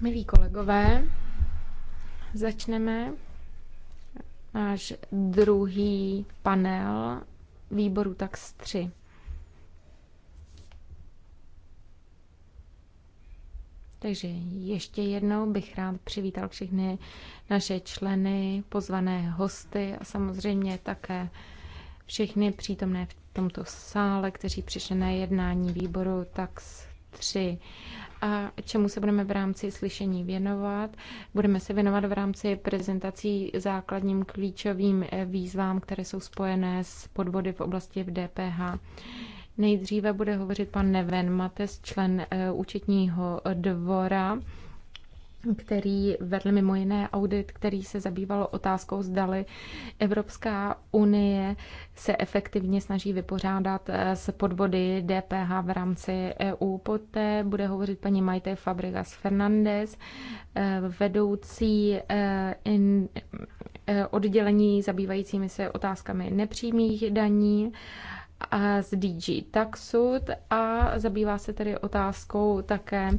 Milí kolegové, začneme náš druhý panel výboru tak 3. Takže ještě jednou bych rád přivítal všechny naše členy, pozvané hosty a samozřejmě také všechny přítomné v tomto sále, kteří přišli na jednání výboru TAX 3 a čemu se budeme v rámci slyšení věnovat. Budeme se věnovat v rámci prezentací základním klíčovým eh, výzvám, které jsou spojené s podvody v oblasti v DPH. Nejdříve bude hovořit pan Neven Mates, člen eh, účetního dvora který vedl mimo jiné audit, který se zabýval otázkou, zdali Evropská unie se efektivně snaží vypořádat eh, s podvody DPH v rámci EU. Poté bude hovořit paní Majte Fabregas Fernandez, eh, vedoucí eh, oddělení zabývajícími se otázkami nepřímých daní z DG Taxud a zabývá se tedy otázkou také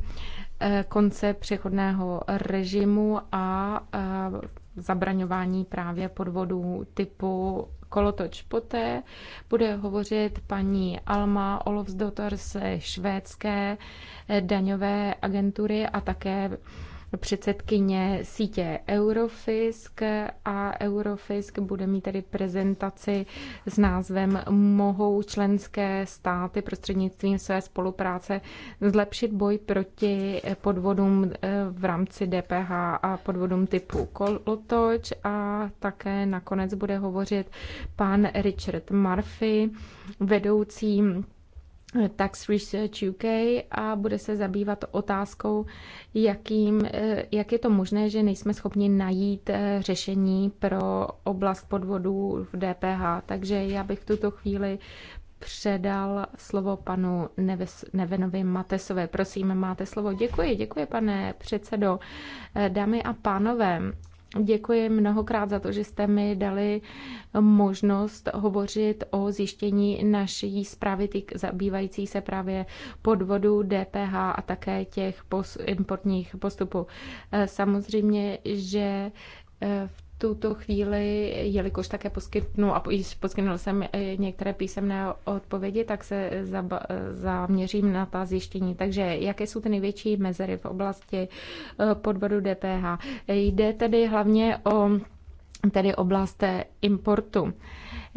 Eh, konce přechodného režimu a eh, zabraňování právě podvodů typu kolotoč. Poté bude hovořit paní Alma Olofsdotter ze švédské eh, daňové agentury a také předsedkyně sítě Eurofisk a Eurofisk bude mít tedy prezentaci s názvem Mohou členské státy prostřednictvím své spolupráce zlepšit boj proti podvodům eh, v rámci DPH a podvodům typu kolotoč a také nakonec bude hovořit pan Richard Murphy, vedoucí Eh, Tax Research UK a bude se zabývat otázkou, jakým, eh, jak je to možné, že nejsme schopni najít eh, řešení pro oblast podvodů v DPH. Takže já bych v tuto chvíli předal slovo panu Neves, Nevenovi Matesové. Prosím, máte slovo. Děkuji, děkuji, pane předsedo. Dámy a pánové, Děkuji mnohokrát za to, že jste mi dali možnost hovořit o zjištění naší zprávy týk, zabývající se právě podvodu DPH a také těch pos, importních postupů. Eh, samozřejmě, že eh, v tuto chvíli, jelikož také poskytnu a poskytnul jsem eh, některé písemné odpovědi, tak se zaměřím na ta zjištění. Takže jaké jsou ty největší mezery v oblasti eh, podvodu DPH? Jde tedy hlavně o tedy oblast eh, importu.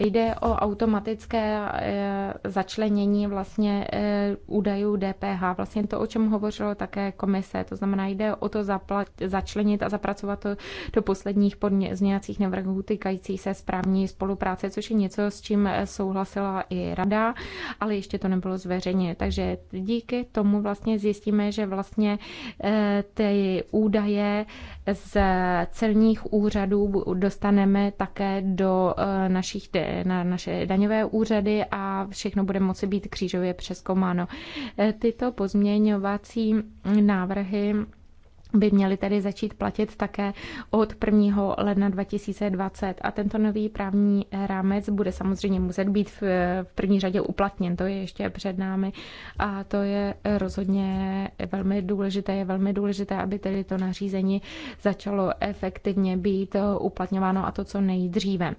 Jde o automatické e, začlenění vlastně e, údajů DPH, vlastně to, o čem hovořilo také komise, to znamená, jde o to zaplat, začlenit a zapracovat to do posledních podměňacích návrhů týkající se správní spolupráce, což je něco, s čím e, souhlasila i rada, ale ještě to nebylo zveřejněno. Takže díky tomu vlastně zjistíme, že vlastně ty údaje z celních úřadů dostaneme také do našich na naše daňové úřady a všechno bude moci být křížově přeskománo. Tyto pozměňovací návrhy by měly tedy začít platit také od 1. ledna 2020. A tento nový právní rámec bude samozřejmě muset být v, první řadě uplatněn, to je ještě před námi. A to je rozhodně velmi důležité. Je velmi důležité, aby tedy to nařízení začalo efektivně být uplatňováno a to co nejdříve.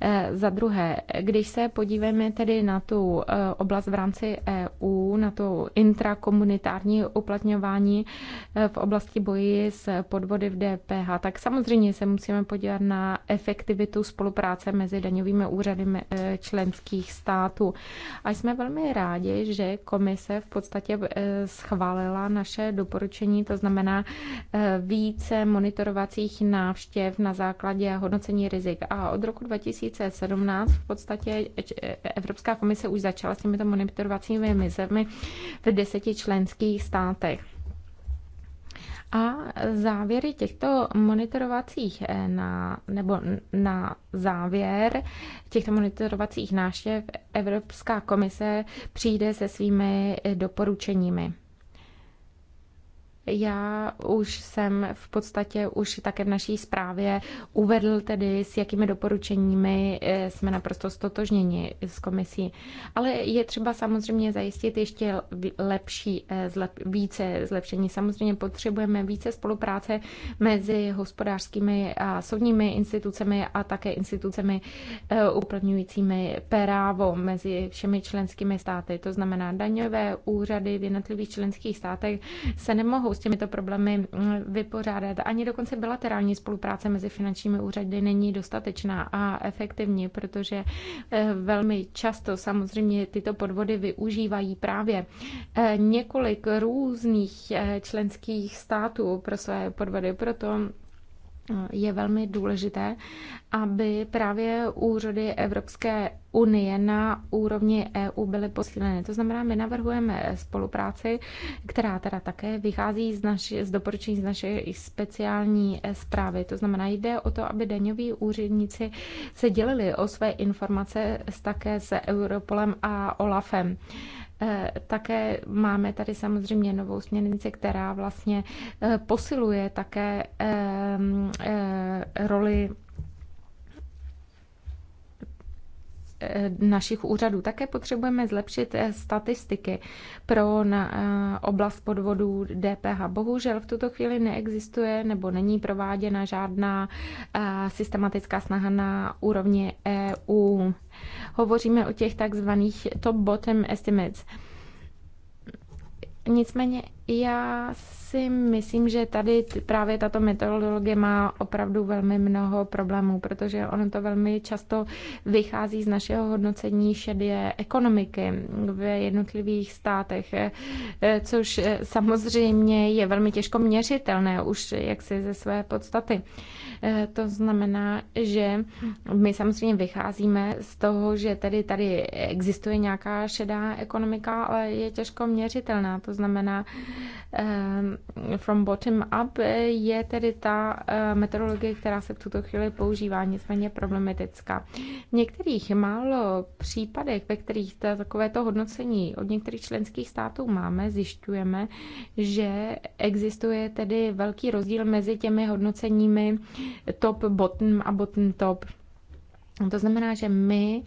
E, za druhé, když se podíváme tedy na tu e, oblast v rámci EU, na to intrakomunitární uplatňování e, v oblasti boji s podvody v DPH, tak samozřejmě se musíme podívat na efektivitu spolupráce mezi daňovými úřady eh, členských států. A jsme velmi rádi, že komise v podstatě eh, schválila naše doporučení, to znamená eh, více monitorovacích návštěv na základě hodnocení rizik. A od roku 2017 v podstatě Evropská komise už začala s těmito monitorovacími mizemi v deseti členských státech. A závěry těchto monitorovacích eh, na, nebo na závěr těchto monitorovacích náštěv Evropská komise přijde se svými doporučeními. Já už jsem v podstatě už také v naší zprávě uvedl tedy, s jakými doporučeními eh, jsme naprosto stotožněni s komisí. Ale je třeba samozřejmě zajistit ještě lepší, eh, zlep, více zlepšení. Samozřejmě potřebujeme více spolupráce mezi hospodářskými a soudními institucemi a také institucemi eh, uplňujícími právo mezi všemi členskými státy. To znamená, daňové úřady v jednotlivých členských státech se nemohou s těmito problémy mm, vypořádat. Ani dokonce bilaterální spolupráce mezi finančními úřady není dostatečná a efektivní, protože eh, velmi často samozřejmě tyto podvody využívají právě eh, několik různých eh, členských států pro své podvody. Proto je velmi důležité, aby právě úřady Evropské unie na úrovni EU byly posíleny. To znamená, my navrhujeme spolupráci, která teda také vychází z, naši, z doporučení z naší speciální zprávy. To znamená, jde o to, aby daňoví úředníci se dělili o své informace také se Europolem a OLAFem. Eh, také máme tady samozřejmě novou směrnici, která vlastně eh, posiluje také ehm, eh, roli Eh, našich úřadů. Také potřebujeme zlepšit eh, statistiky pro na eh, oblast podvodů DPH. Bohužel v tuto chvíli neexistuje nebo není prováděna žádná systematická snaha na úrovni EU. Hovoříme o těch takzvaných top-bottom estimates. Nicméně já si myslím, že tady právě tato metodologie má opravdu velmi mnoho problémů, protože ono to velmi často vychází z našeho hodnocení šedé ekonomiky v jednotlivých státech, eh, což eh, samozřejmě je velmi těžko měřitelné už eh, jaksi ze své podstaty. Eh, to znamená, že my samozřejmě vycházíme z toho, že tady tady existuje nějaká šedá ekonomika, ale je těžko měřitelná. To znamená, eh, from bottom up je tedy ta eh, metodologie, která se v tuto chvíli používá, nicméně problematická. V některých málo případech, ve kterých takovéto hodnocení od některých členských států máme, zjišťujeme, že existuje tedy velký rozdíl mezi těmi hodnoceními top bottom a bottom top. To znamená, že my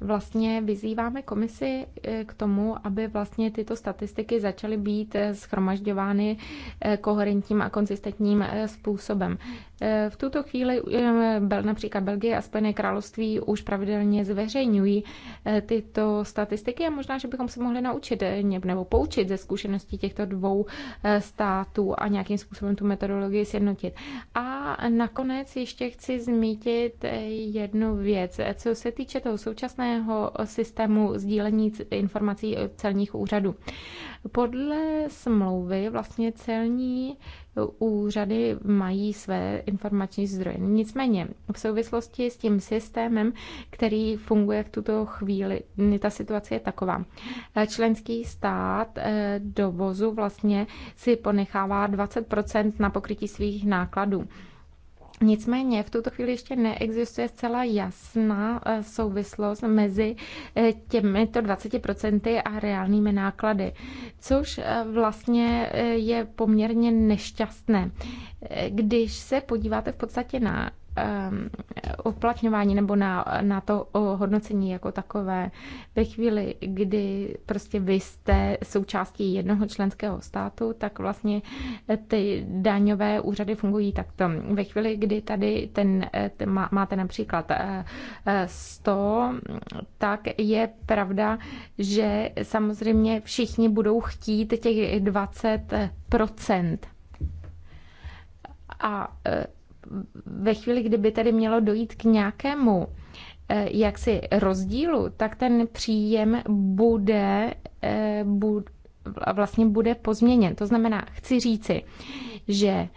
vlastně vyzýváme komisi eh, k tomu, aby vlastně tyto statistiky začaly být eh, schromažďovány eh, koherentním a konzistentním způsobem. Eh, v tuto chvíli eh, například Belgie a Spojené království už pravidelně zveřejňují eh, tyto statistiky a možná, že bychom se mohli naučit nebo poučit ze zkušeností těchto dvou států a nějakým způsobem tu metodologii sjednotit. A nakonec ještě chci zmítit jednu věc. Co se týče toho současného systému sdílení informací celních úřadů. Podle smlouvy vlastně celní úřady mají své informační zdroje. Nicméně v souvislosti s tím systémem, který funguje v tuto chvíli, ta situace je taková. Členský stát eh, dovozu vlastně si ponechává 20% na pokrytí svých nákladů. Nicméně v tuto chvíli ještě neexistuje zcela jasná eh, souvislost mezi eh, těmito 20% a reálnými náklady, což eh, vlastně je poměrně nešťastné. Když se podíváte v podstatě na Um, uplatňování nebo na, na to hodnocení jako takové. Ve chvíli, kdy prostě vy jste součástí jednoho členského státu, tak vlastně ty daňové úřady fungují takto. Ve chvíli, kdy tady ten, ten má, máte například 100, eh, eh, tak je pravda, že samozřejmě všichni budou chtít těch 20 a eh, ve chvíli, kdyby tedy mělo dojít k nějakému eh, jaksi rozdílu, tak ten příjem bude, eh, bude vlastně bude pozměněn. To znamená, chci říci, že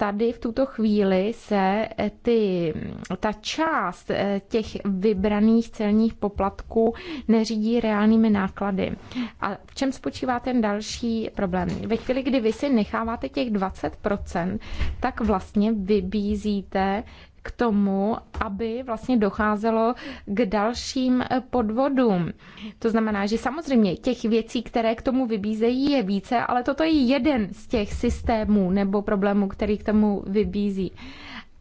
tady v tuto chvíli se eh, ty, mm, ta část eh, těch vybraných celních poplatků neřídí reálnými náklady. A v čem spočívá ten další problém? Ve chvíli, kdy vy si necháváte těch 20%, tak vlastně vybízíte k tomu, aby vlastně docházelo k dalším eh, podvodům. To znamená, že samozřejmě těch věcí, které k tomu vybízejí, je více, ale toto je jeden z těch systémů nebo problémů, který k tomu vybízí.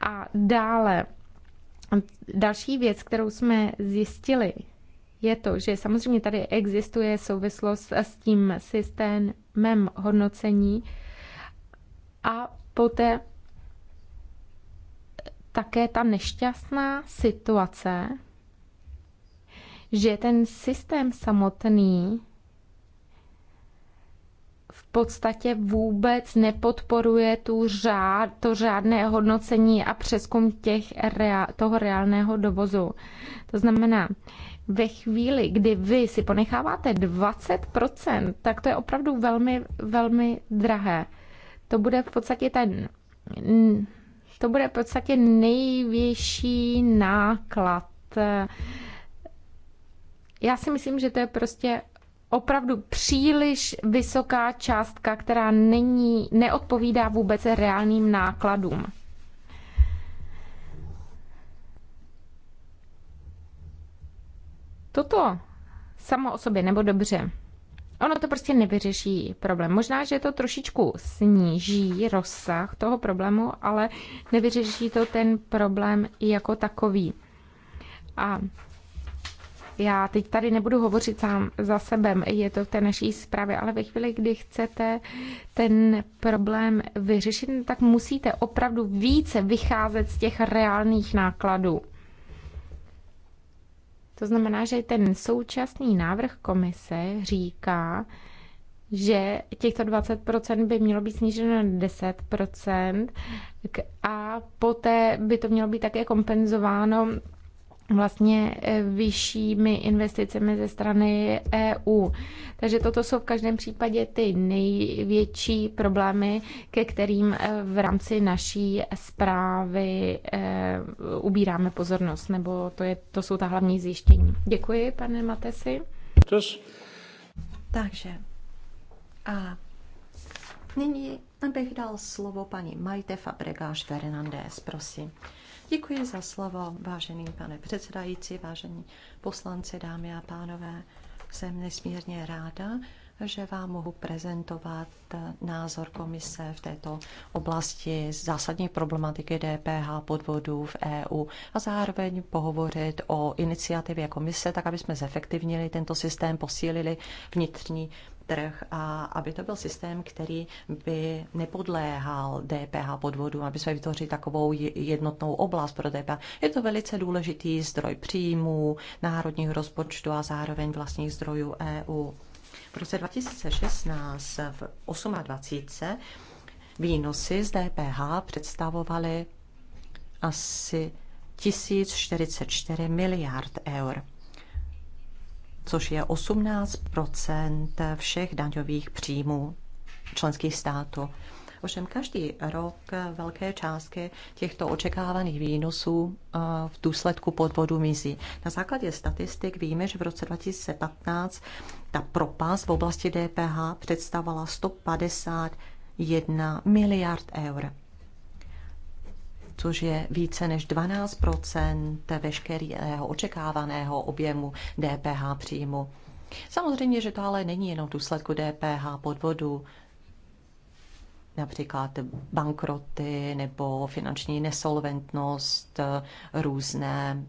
A dále, další věc, kterou jsme zjistili, je to, že samozřejmě tady existuje souvislost s tím systémem hodnocení a poté také ta nešťastná situace, že ten systém samotný v podstatě vůbec nepodporuje tu řád, to řádné hodnocení a přeskum těch rea, toho reálného dovozu. To znamená, ve chvíli, kdy vy si ponecháváte 20%, tak to je opravdu velmi, velmi drahé. To bude v podstatě ten to bude v podstatě největší náklad. Já si myslím, že to je prostě opravdu příliš vysoká částka, která není, neodpovídá vůbec reálným nákladům. Toto samo o sobě, nebo dobře, Ono to prostě nevyřeší problém. Možná, že to trošičku sníží rozsah toho problému, ale nevyřeší to ten problém jako takový. A já teď tady nebudu hovořit sám za sebe, je to v té naší zprávě, ale ve chvíli, kdy chcete ten problém vyřešit, tak musíte opravdu více vycházet z těch reálných nákladů. To znamená, že ten současný návrh komise říká, že těchto 20% by mělo být sníženo na 10% a poté by to mělo být také kompenzováno vlastně eh, vyššími investicemi ze strany EU. Takže toto jsou v každém případě ty největší problémy, ke kterým eh, v rámci naší zprávy eh, ubíráme pozornost, nebo to, je, to jsou ta hlavní zjištění. Děkuji, pane Matesi. Takže a nyní bych dal slovo paní Majte Fabregáš Fernandez, prosím. Děkuji za slovo, vážený pane předsedající, vážení poslanci, dámy a pánové. Jsem nesmírně ráda, že vám mohu prezentovat názor komise v této oblasti zásadní problematiky DPH podvodů v EU a zároveň pohovořit o iniciativě komise, tak aby jsme zefektivnili tento systém, posílili vnitřní trh a aby to byl systém, který by nepodléhal DPH podvodu, aby jsme vytvořili takovou jednotnou oblast pro DPH. Je to velice důležitý zdroj příjmů, národního rozpočtu a zároveň vlastních zdrojů EU. V roce 2016 v 28 výnosy z DPH představovaly asi 1044 miliard eur což je 18 všech daňových příjmů členských států. Ovšem každý rok velké částky těchto očekávaných výnosů eh, v důsledku podvodu mizí. Na základě statistik víme, že v roce 2015 ta propast v oblasti DPH představovala 151 miliard eur což je více než 12 veškerého očekávaného objemu DPH příjmu. Samozřejmě, že to ale není jenom důsledku DPH podvodu, například bankroty nebo finanční nesolventnost, různé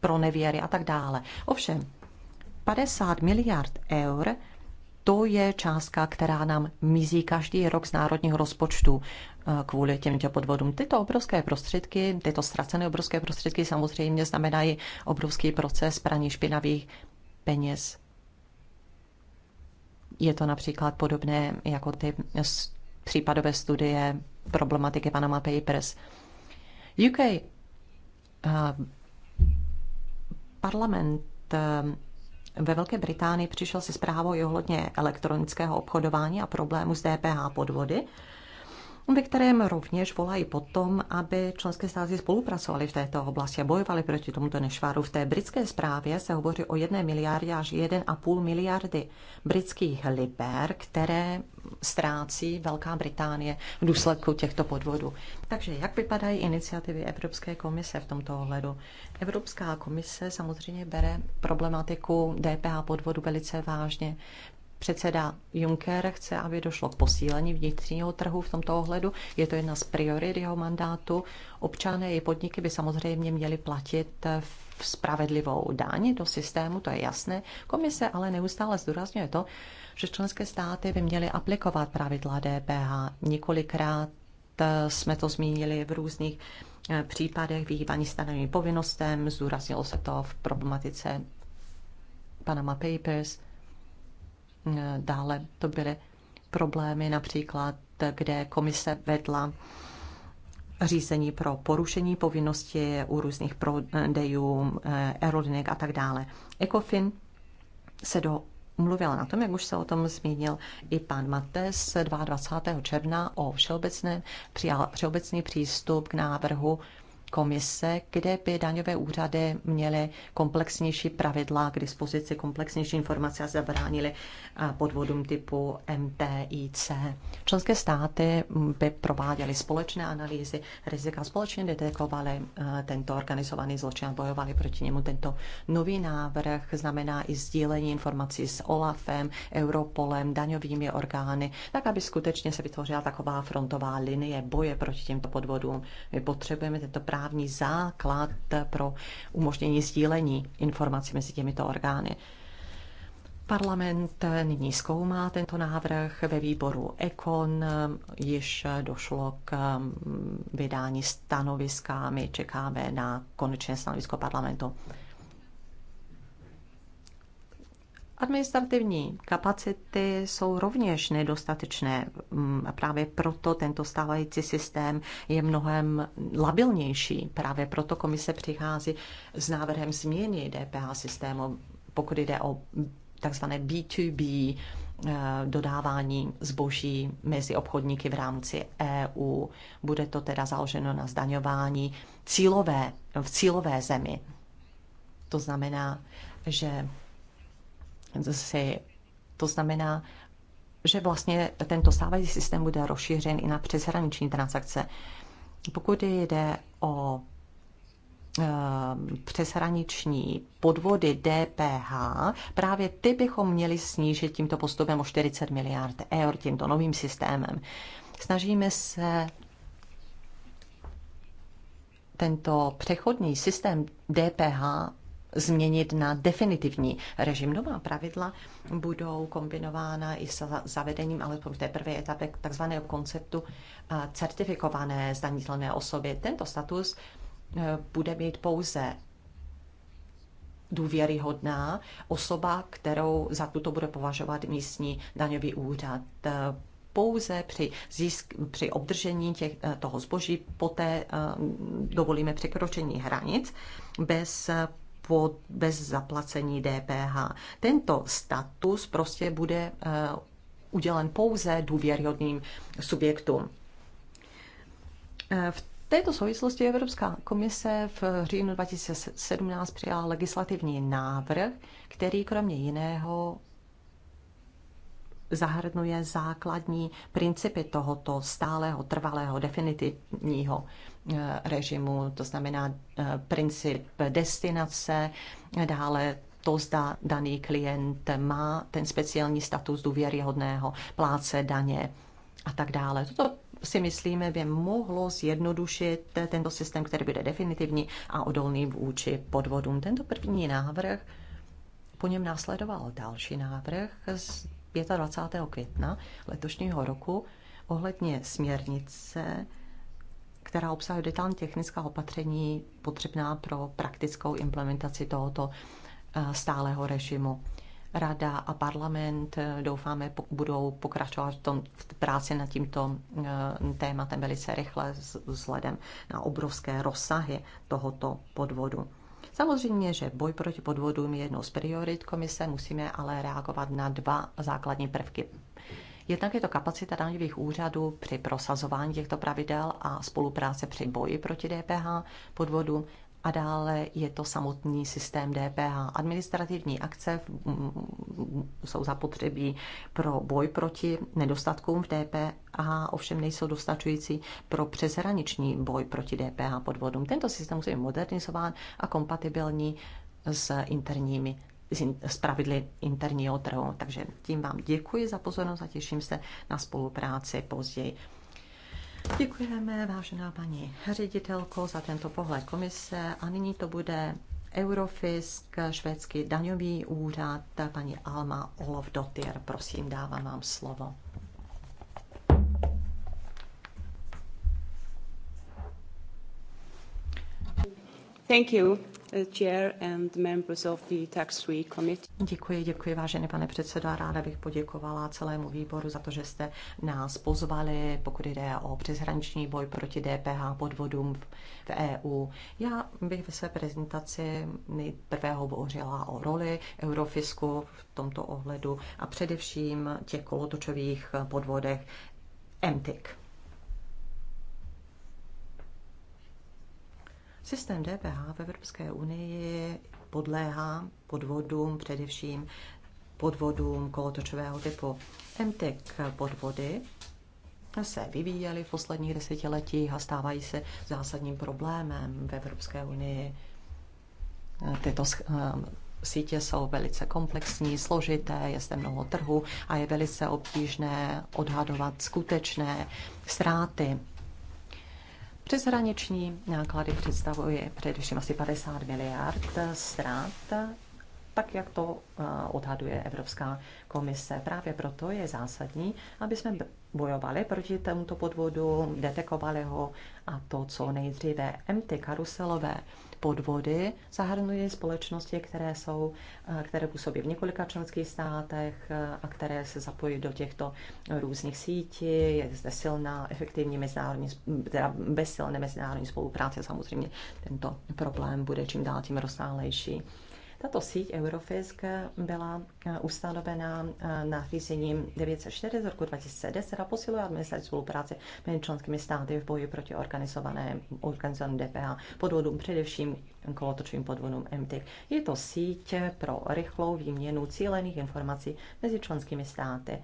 pronevěry a tak dále. Ovšem, 50 miliard eur to je částka, která nám mizí každý rok z národního rozpočtu eh, kvůli těmto podvodům. Tyto obrovské prostředky, tyto ztracené obrovské prostředky samozřejmě znamenají obrovský proces praní špinavých peněz. Je to například podobné jako ty případové studie problematiky Panama Papers. UK eh, parlament eh, ve Velké Británii přišel se zprávou ohledně elektronického obchodování a problému s DPH podvody ve kterém rovněž volají potom, aby členské státy spolupracovaly v této oblasti a bojovaly proti tomuto nešváru. V té britské zprávě se hovoří o jedné miliardě až 1,5 miliardy britských liber, které ztrácí Velká Británie v důsledku těchto podvodů. Takže jak vypadají iniciativy Evropské komise v tomto ohledu? Evropská komise samozřejmě bere problematiku DPH podvodu velice vážně. Předseda Juncker chce, aby došlo k posílení vnitřního trhu v tomto ohledu. Je to jedna z priorit jeho mandátu. Občané i podniky by samozřejmě měli platit v spravedlivou dáně do systému, to je jasné. Komise ale neustále zdůrazňuje to, že členské státy by měly aplikovat pravidla DPH. Několikrát eh, jsme to zmínili v různých eh, případech vyhýbaní stanovým povinnostem, zdůraznilo se to v problematice Panama Papers – Dále to byly problémy například, kde komise vedla řízení pro porušení povinnosti u různých prodejů, eh, aerolinek a tak dále. Ecofin se do mluvila na tom, jak už se o tom zmínil i pan Mates 22. června o všeobecné, přijal všeobecný přístup k návrhu komise, kde by daňové úřady měly komplexnější pravidla k dispozici, komplexnější informace a zabránili eh, podvodům typu MTIC. Členské státy hm, by prováděly společné analýzy rizika, společně detekovaly eh, tento organizovaný zločin a bojovali proti němu. Tento nový návrh znamená i sdílení informací s OLAFem, Europolem, daňovými orgány, tak aby skutečně se vytvořila taková frontová linie boje proti těmto podvodům. My potřebujeme tento právě právní základ pro umožnění sdílení informací mezi těmito orgány. Parlament nyní zkoumá tento návrh ve výboru ECON. Již došlo k mm, vydání stanoviska. My čekáme na konečné stanovisko parlamentu. Administrativní kapacity jsou rovněž nedostatečné mm, a právě proto tento stávající systém je mnohem labilnější. Právě proto komise přichází s návrhem změny DPH systému, pokud jde o takzvané B2B eh, dodávání zboží mezi obchodníky v rámci EU. Bude to teda založeno na zdaňování cílové, v cílové zemi. To znamená, že si. To znamená, že vlastně tento stávající systém bude rozšířen i na přeshraniční transakce. Pokud jde o eh, přeshraniční podvody DPH, právě ty bychom měli snížit tímto postupem o 40 miliard eur, tímto novým systémem. Snažíme se tento přechodný systém DPH změnit na definitivní režim. Nová pravidla budou kombinována i s zavedením, alespoň v té prvé etapě, takzvaného konceptu eh, certifikované zdanitelné osoby. Tento status eh, bude mít pouze důvěryhodná osoba, kterou za tuto bude považovat místní daňový úřad eh, pouze při, získ, při obdržení těch, toho zboží, poté dovolíme překročení hranic bez pod, bez zaplacení DPH. Tento status prostě bude eh, udělen pouze důvěryhodným subjektům. Eh, v této souvislosti Evropská komise v říjnu 2017 přijala legislativní návrh, který kromě jiného zahrnuje základní principy tohoto stálého, trvalého, definitivního Eh, režimu, to znamená eh, princip destinace, dále to, zda daný klient má ten speciální status důvěryhodného pláce daně a tak dále. Toto si myslíme, by mohlo zjednodušit tento systém, který bude definitivní a odolný vůči podvodům. Tento první návrh, po něm následoval další návrh z 25. května letošního roku ohledně směrnice která obsahuje detailní technická opatření potřebná pro praktickou implementaci tohoto eh, stálého režimu. Rada a parlament, eh, doufáme, budou pokračovat v, tom, v práci nad tímto eh, tématem velice rychle vzhledem na obrovské rozsahy tohoto podvodu. Samozřejmě, že boj proti podvodům je jednou z priorit komise, musíme ale reagovat na dva základní prvky Jednak je to kapacita daňových úřadů při prosazování těchto pravidel a spolupráce při boji proti DPH podvodu a dále je to samotný systém DPH. Administrativní akce jsou zapotřebí pro boj proti nedostatkům v DPH, ovšem nejsou dostačující pro přeshraniční boj proti DPH podvodům. Tento systém musí být modernizován a kompatibilní s interními z pravidly interního trhu. Takže tím vám děkuji za pozornost a těším se na spolupráci později. Děkujeme, vážená paní ředitelko, za tento pohled komise a nyní to bude Eurofisk, švédský daňový úřad, paní Alma Dotyr. Prosím, dávám vám slovo. Thank you. Chair and members of the Tax Committee. Děkuji, děkuji, vážený pane předsedo, a ráda bych poděkovala celému výboru za to, že jste nás pozvali, pokud jde o přeshraniční boj proti DPH podvodům v EU. Já bych ve své prezentaci nejprve hovořila o roli Eurofisku v tomto ohledu a především těch kolotočových podvodech MTIC. Systém DPH v Evropské unii podléhá podvodům, především podvodům kolotočového typu. MTEC podvody se vyvíjely v posledních desetiletích a stávají se zásadním problémem v Evropské unii. Tyto eh, sítě jsou velice komplexní, složité, je zde mnoho trhu a je velice obtížné odhadovat skutečné ztráty Přeshraniční náklady představuje především asi 50 miliard ztrát, tak jak to eh, odhaduje Evropská komise. Právě proto je zásadní, aby jsme bojovali proti tomuto podvodu, detekovali ho a to, co nejdříve MT karuselové podvody zahrnují společnosti, které, jsou, eh, které působí v několika členských státech eh, a které se zapojí do těchto různých sítí. Je zde silná, efektivní mezinárodní, teda bezsilné mezinárodní spolupráce. Samozřejmě tento problém bude čím dál tím rozsáhlejší. Tato síť Eurofisk byla eh, ustanovena eh, nařízením 904 z roku 2010 a posiluje administrativní spolupráci mezi členskými státy v boji proti organizované, organizované DPH podvodům, především kolotočovým podvodům MT. Je to síť pro rychlou výměnu cílených informací mezi členskými státy.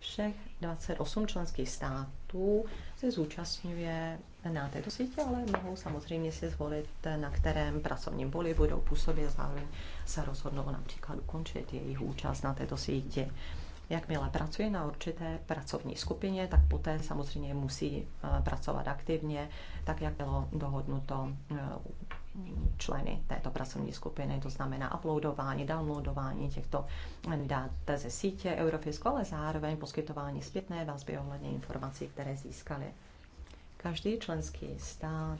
Všech 28 členských států se zúčastňuje na této sítě, ale mohou samozřejmě si zvolit, eh, na kterém pracovním poli budou působit, zároveň se rozhodnou například ukončit jejich účast na této síti. Jakmile pracuje na určité pracovní skupině, tak poté samozřejmě musí eh, pracovat aktivně, tak jak bylo dohodnuto eh, členy této pracovní skupiny, to znamená uploadování, downloadování těchto dat ze sítě Eurofisko, ale zároveň poskytování zpětné vazby ohledně informací, které získali. Každý členský stát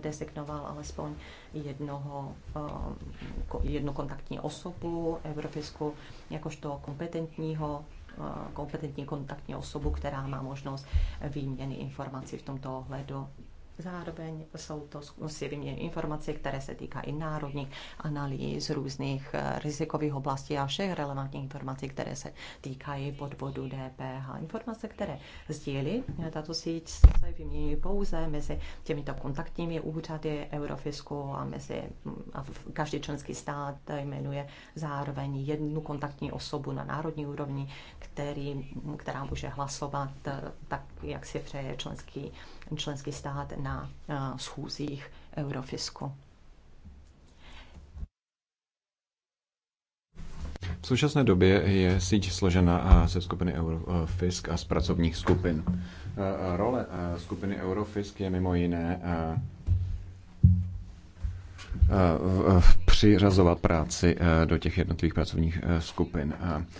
designoval alespoň jednoho, eh, jednu kontaktní osobu Evropisku jakožto kompetentního eh, kompetentní kontaktní osobu, která má možnost výměny informací v tomto ohledu. Zároveň jsou to zjevně informace, které se týká i národních analýz, různých eh, rizikových oblastí a všech relevantních informací, které se týkají podvodu DPH. Informace, které sdílí eh, tato síť, se vymění pouze mezi těmito kontaktními úřady Eurofisku a mezi mm, a každý členský stát jmenuje zároveň jednu kontaktní osobu na národní úrovni, který, mm, která může hlasovat eh, tak jak si přeje členský, členský stát na eh, schůzích Eurofisku. V současné době je síť složena eh, ze skupiny Eurofisk a z pracovních skupin. Eh, role skupiny Eurofisk je mimo jiné v přiřazovat práci eh, do těch jednotlivých pracovních eh, skupin.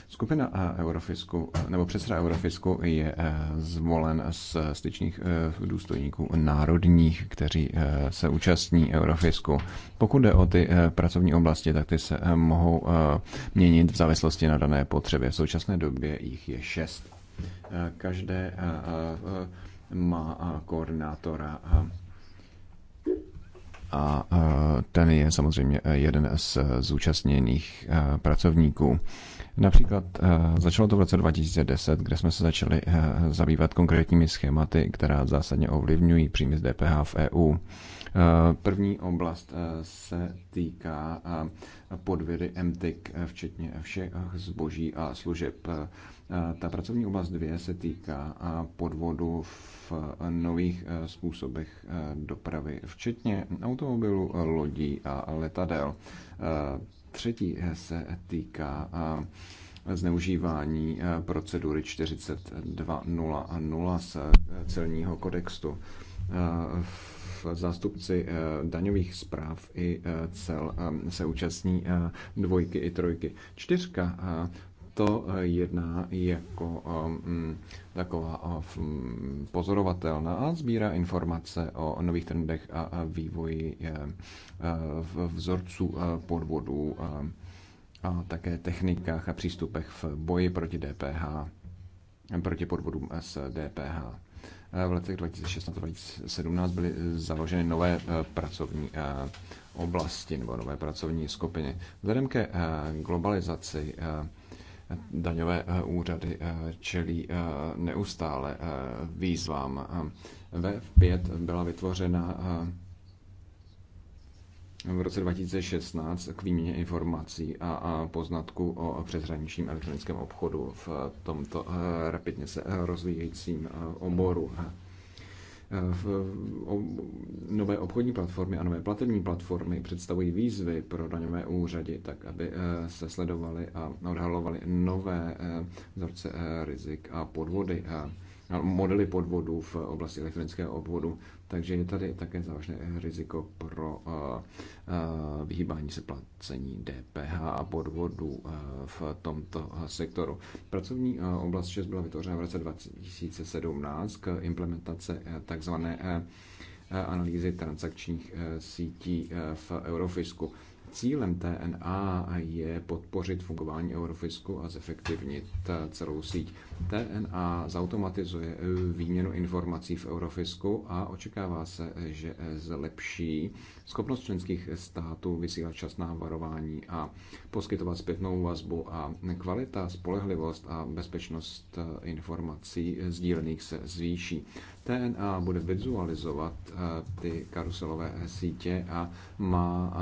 Skupina eh, Eurofisku, nebo předseda Eurofisku je zvolen z styčných důstojníků národních, kteří se účastní Eurofisku. Pokud jde o ty pracovní oblasti, tak ty se mohou měnit v závislosti na dané potřebě. V současné době jich je šest. Každé má koordinátora a e, ten je samozřejmě e, jeden z zúčastněných e, pracovníků. Například začalo to v roce 2010, kde jsme se začali zabývat konkrétními schématy, která zásadně ovlivňují příjmy z DPH v EU. První oblast se týká podvěry MTIC, včetně všech zboží a služeb Eh, ta pracovní oblast 2 se týká podvodu v eh, nových eh, způsobech dopravy, včetně automobilů, lodí a letadel. Třetí se týká zneužívání procedury 42.0.0 z celního kodextu. Zástupci daňových zpráv i cel se účastní dvojky i trojky. Čtyřka to eh, jedná jako eh, mm, taková eh, mm, pozorovatelná a sbírá informace o nových trendech a vývoji v vzorců podvodů a také technikách a přístupech v boji proti DPH, proti podvodům s DPH. V letech 2016-2017 byly založeny nové pracovní oblasti nebo nové pracovní skupiny. Vzhledem ke globalizaci daňové eh, úřady eh, čelí eh, neustále výzvám. v 5 byla vytvořena v roce 2016 k výměně informací a, poznatku o přeshraničním elektronickém obchodu v tomto rapidně se rozvíjejícím oboru. Nové obchodní platformy a nové platební platformy představují výzvy pro daňové úřady, tak aby eh, se sledovaly a odhalovaly nové eh, vzorce eh, rizik a podvody. No, modely podvodů v oblasti elektronického obvodu, takže je tady také závažné riziko pro eh, eh, vyhýbání se placení DPH a podvodů eh, v tomto sektoru. Pracovní oblast 6 byla vytvořena v roce 2017 k implementace takzvané analýzy transakčních sítí v Eurofisku. Cílem TNA je podpořit fungování Eurofisku a zefektivnit eh, celou síť. TNA zautomatizuje eh, výměnu informací v Eurofisku a očekává se, eh, že zlepší schopnost členských států vysílat časná varování a poskytovat zpětnou vazbu a kvalita, spolehlivost a bezpečnost informací sdílených se zvýší. TNA bude vizualizovat eh, ty karuselové eh, sítě a má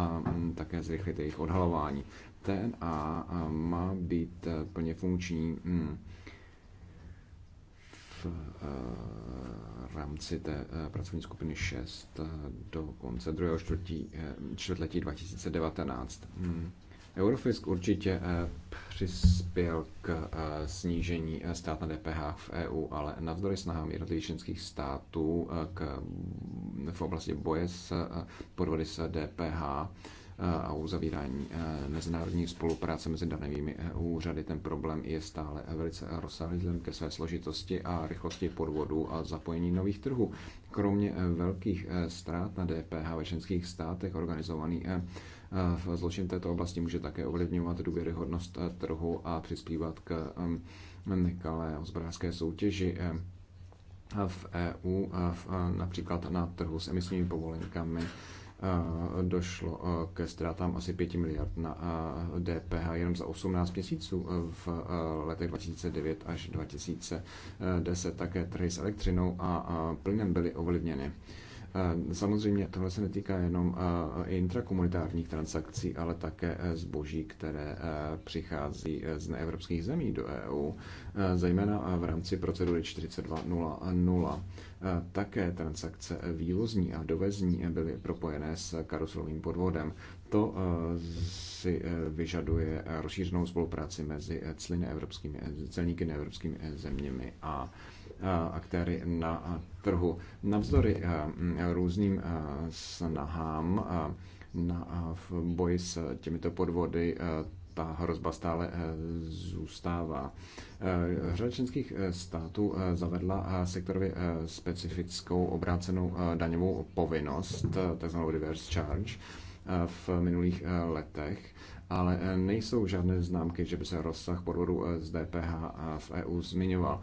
eh, také zrychlit jejich odhalování. TNA má být plně funkční hm, v rámci té pracovní skupiny 6 do konce druhého čtvrtletí 2019. Eurofisk určitě eh, přispěl k eh, snížení eh, stát na DPH v EU, ale navzdory snahám jednotlivých členských států k, v oblasti boje s podvody s DPH a uzavírání mezinárodní spolupráce mezi danými e úřady. Ten problém je stále velice rozsáhlý vzhledem ke své složitosti a rychlosti podvodu a zapojení nových trhů. Kromě velkých ztrát na DPH ve členských státech organizovaný Zločin této oblasti může také ovlivňovat důvěryhodnost eh, trhu a přispívat k eh, nekalé hospodářské soutěži eh, v EU, například na trhu s emisními povolenkami došlo ke ztrátám asi 5 miliard na DPH jenom za 18 měsíců v letech 2009 až 2010. Také trhy s elektřinou a plynem byly ovlivněny. Eh, samozřejmě tohle se netýká jenom eh, intrakomunitárních transakcí, ale také eh, zboží, které přichází z neevropských zemí do EU, zejména v rámci procedury 42.0.0. Také transakce vývozní a dovezní byly propojené s karuselovým podvodem. To si vyžaduje rozšířenou spolupráci mezi celníky neevropskými zeměmi a aktéry na trhu. Navzdory různým snahám na, v boji s těmito podvody ta hrozba stále e, zůstává. E, řada členských e, států zavedla sektorově specifickou obrácenou daňovou povinnost, takzvanou reverse charge, v minulých letech, ale nejsou žádné známky, že by se rozsah podvodu z DPH v EU zmiňoval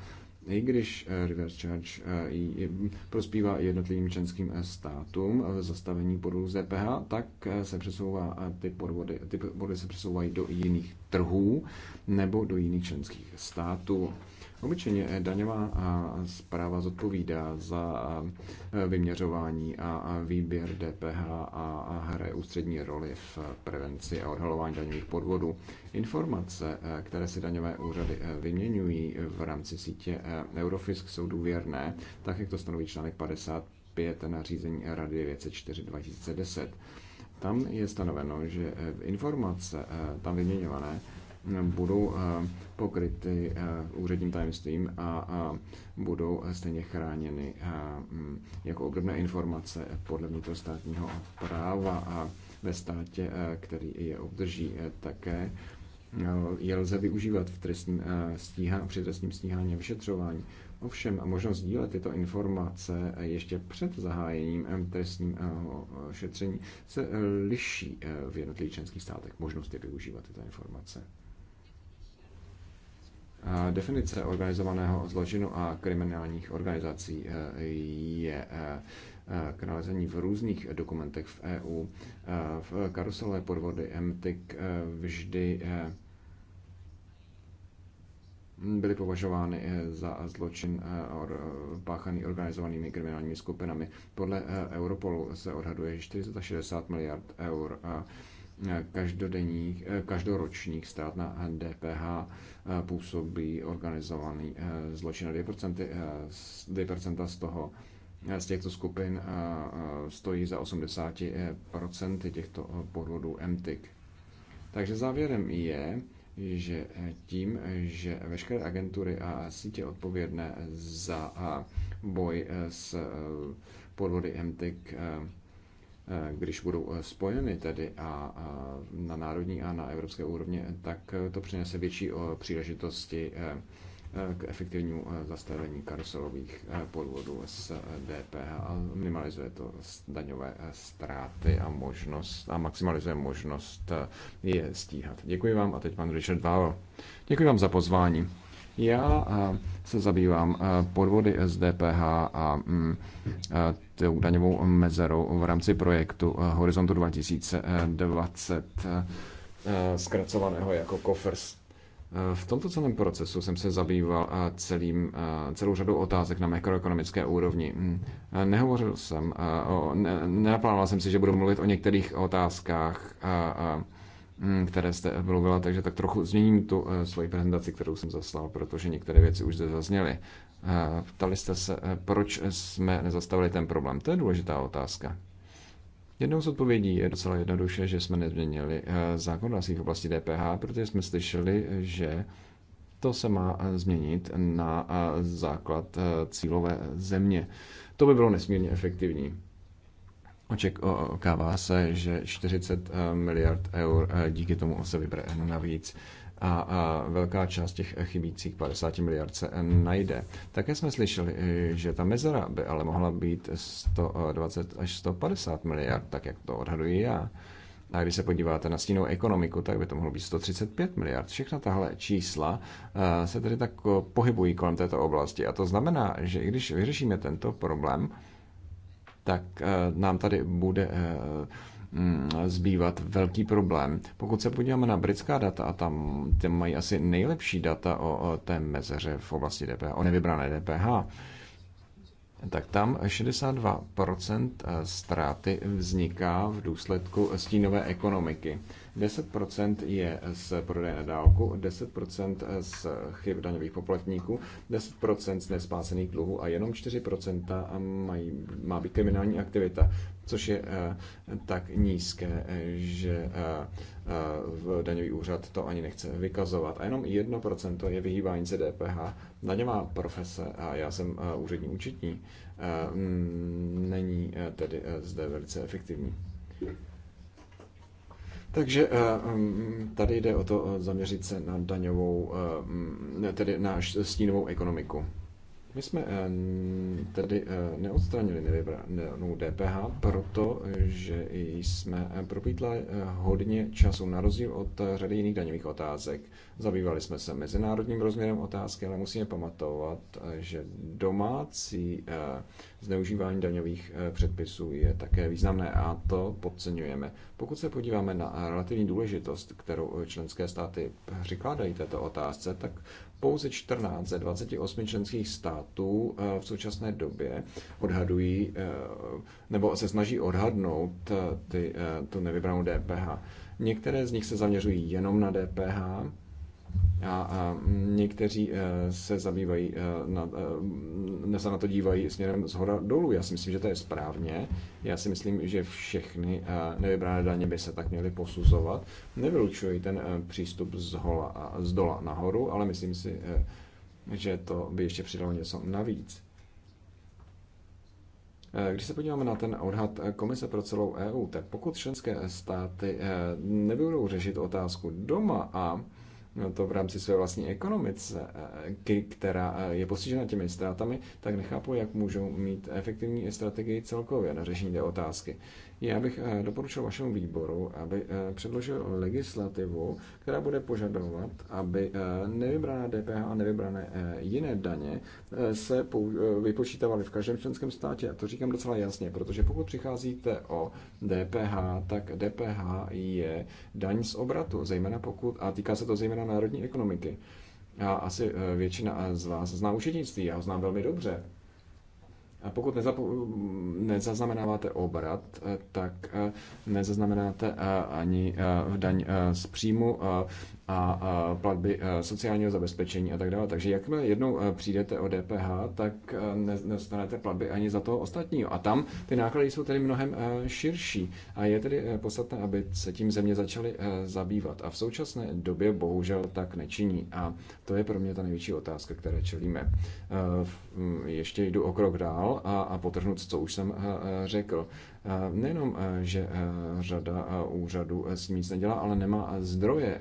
i když eh, reverse charge eh, prospívá i jednotlivým členským eh, státům v zastavení podvodu z DPH, tak se přesouvá ty podvody, ty podvody se přesouvají do jiných trhů nebo do jiných členských států. Obyčejně eh, daňová eh, zpráva zodpovídá za eh, vyměřování a výběr DPH a hraje ústřední roli v prevenci a odhalování daňových podvodů. Informace, které si daňové úřady vyměňují v rámci sítě Eurofisk, jsou důvěrné, tak jak to stanoví článek 55 nařízení Rady 904 2010. Tam je stanoveno, že informace tam vyměňované budou eh, pokryty eh, úředním tajemstvím a budou eh, stejně chráněny mm, jako obdobné informace podle vnitrostátního práva a ve státě, který je obdrží také je lze využívat v trestním stíha, při trestním stíhání a vyšetřování. Ovšem, možnost sdílet tyto informace ještě před zahájením trestního šetření se liší v jednotlivých členských státech. Možnost je využívat tyto informace. Definice organizovaného zločinu a kriminálních organizací eh, je eh, eh, k nalezení v různých dokumentech v EU. V karuselové podvody MTIC vždy byly považovány za zločin páchaný organizovanými kriminálními skupinami. Podle Europolu se odhaduje 460 miliard eur Eh, každodenních, eh, každoročních ztrát na DPH eh, působí organizovaný zločin. 2%, 2% z toho z těchto skupin stojí za 80% těchto podvodů MTIC. Takže závěrem je, že tím, že veškeré agentury a sítě odpovědné za boj s podvody MTIC Eh, když budou eh, spojeny tedy a na národní a na evropské úrovni, tak eh, to přinese větší příležitosti k efektivnímu zastavení karuselových podvodů s DPH a minimalizuje to daňové ztráty a možnost a maximalizuje možnost je stíhat. Děkuji vám a teď pan Richard Bauer. Děkuji vám za pozvání. Já eh, se zabývám eh, podvody SDPH a mm, eh, tou daňovou mezerou v rámci projektu Horizontu 2020, zkracovaného jako COFERS. V tomto celém procesu jsem se zabýval celým, celou řadou otázek na makroekonomické úrovni. Mm, nehovořil jsem, ne, neplánoval jsem si, že budu mluvit o některých otázkách Mm, které jste mluvila, takže tak trochu změním tu eh, svoji prezentaci, kterou jsem zaslal, protože některé věci už zde zazněly. Eh, ptali jste se, eh, proč jsme nezastavili ten problém. To je důležitá otázka. Jednou z odpovědí je docela jednoduše, že jsme nezměnili zákon v oblasti DPH, protože jsme slyšeli, že to se má změnit na základ cílové země. To by bylo nesmírně efektivní. Očekává se, že 40 eh, miliard eur eh, díky tomu se vybere navíc a velká část těch eh, chybících 50 miliard se najde. Také jsme slyšeli, že ta mezera by ale mohla být 120 až 150 miliard, tak jak to odhaduji já. A když se podíváte na stínou ekonomiku, tak by to mohlo být 135 miliard. Všechna tahle čísla se tedy tak pohybují kolem této oblasti. A to znamená, že i když vyřešíme tento problém, tak eh, nám tady bude eh, mm, zbývat velký problém. Pokud se podíváme na britská data, a tam ty mají asi nejlepší data o, o té mezeře v oblasti DPH, o nevybrané DPH, tak tam 62% eh, ztráty vzniká v důsledku stínové ekonomiky. 10% je z prodeje na dálku, 10% z chyb daňových poplatníků, 10% z nespásených dluhů a jenom 4% mají, má být kriminální aktivita, což je eh, tak nízké, že eh, eh, v daňový úřad to ani nechce vykazovat. A jenom 1% je vyhýbání se DPH. Daňová profese, a já jsem úřední účetní, mm, není tedy zde velice efektivní. Takže eh, mm, tady jde o to eh, zaměřit se na daňovou, eh, mm, tedy na stínovou ekonomiku. My jsme eh, tedy eh, neodstranili nevybranou DPH, protože jsme eh, propítli hodně času, na rozdíl od řady jiných daňových otázek. Zabývali jsme se mezinárodním rozměrem otázky, ale musíme pamatovat, že domácí zneužívání daňových předpisů je také významné a to podceňujeme. Pokud se podíváme na relativní důležitost, kterou členské státy přikládají této otázce, tak pouze 14 ze 28 členských států eh, v současné době odhadují eh, nebo se snaží odhadnout eh, ty, tu nevybranou DPH. Některé z nich se zaměřují jenom na DPH, a, a někteří eh, se zabývají, eh, na, na, eh, se na to dívají směrem z hora dolů. Já si myslím, že to je správně. Já si myslím, že všechny nevybrané daně by se tak měly posuzovat. Nevylučuji ten přístup z, hola, z dola nahoru, ale myslím si, že to by ještě přidalo něco navíc. Když se podíváme na ten odhad Komise pro celou EU, tak pokud členské státy nebudou řešit otázku doma a No to v rámci své vlastní ekonomice, eh, která eh, je postižena těmi ztrátami, tak nechápu, jak můžou mít efektivní strategii celkově na řešení té otázky. Já bych eh, doporučil vašemu výboru, aby eh, předložil legislativu, která bude požadovat, aby eh, nevybraná DPH a nevybrané jiné daně se vypočítávaly v každém členském státě. A to říkám docela jasně, protože pokud přicházíte o DPH, tak DPH je daň z obratu, zejména pokud, a týká se to zejména národní ekonomiky. A asi většina z vás zná učitnictví, já ho znám velmi dobře. A pokud nezaznamenáváte obrat, eh, tak eh, nezaznamenáte eh, ani daň z příjmu a platby sociálního zabezpečení a tak dále. Takže jakmile jednou přijdete o DPH, tak nedostanete platby ani za toho ostatního. A tam ty náklady jsou tedy mnohem širší. A je tedy podstatné, aby se tím země začaly zabývat. A v současné době bohužel tak nečiní. A to je pro mě ta největší otázka, které čelíme. V Mm, ještě jdu o krok dál a, a potrhnu, co už jsem eh, eh, řekl. Eh, nejenom, že řada úřadů s tím nic nedělá, ale nemá zdroje,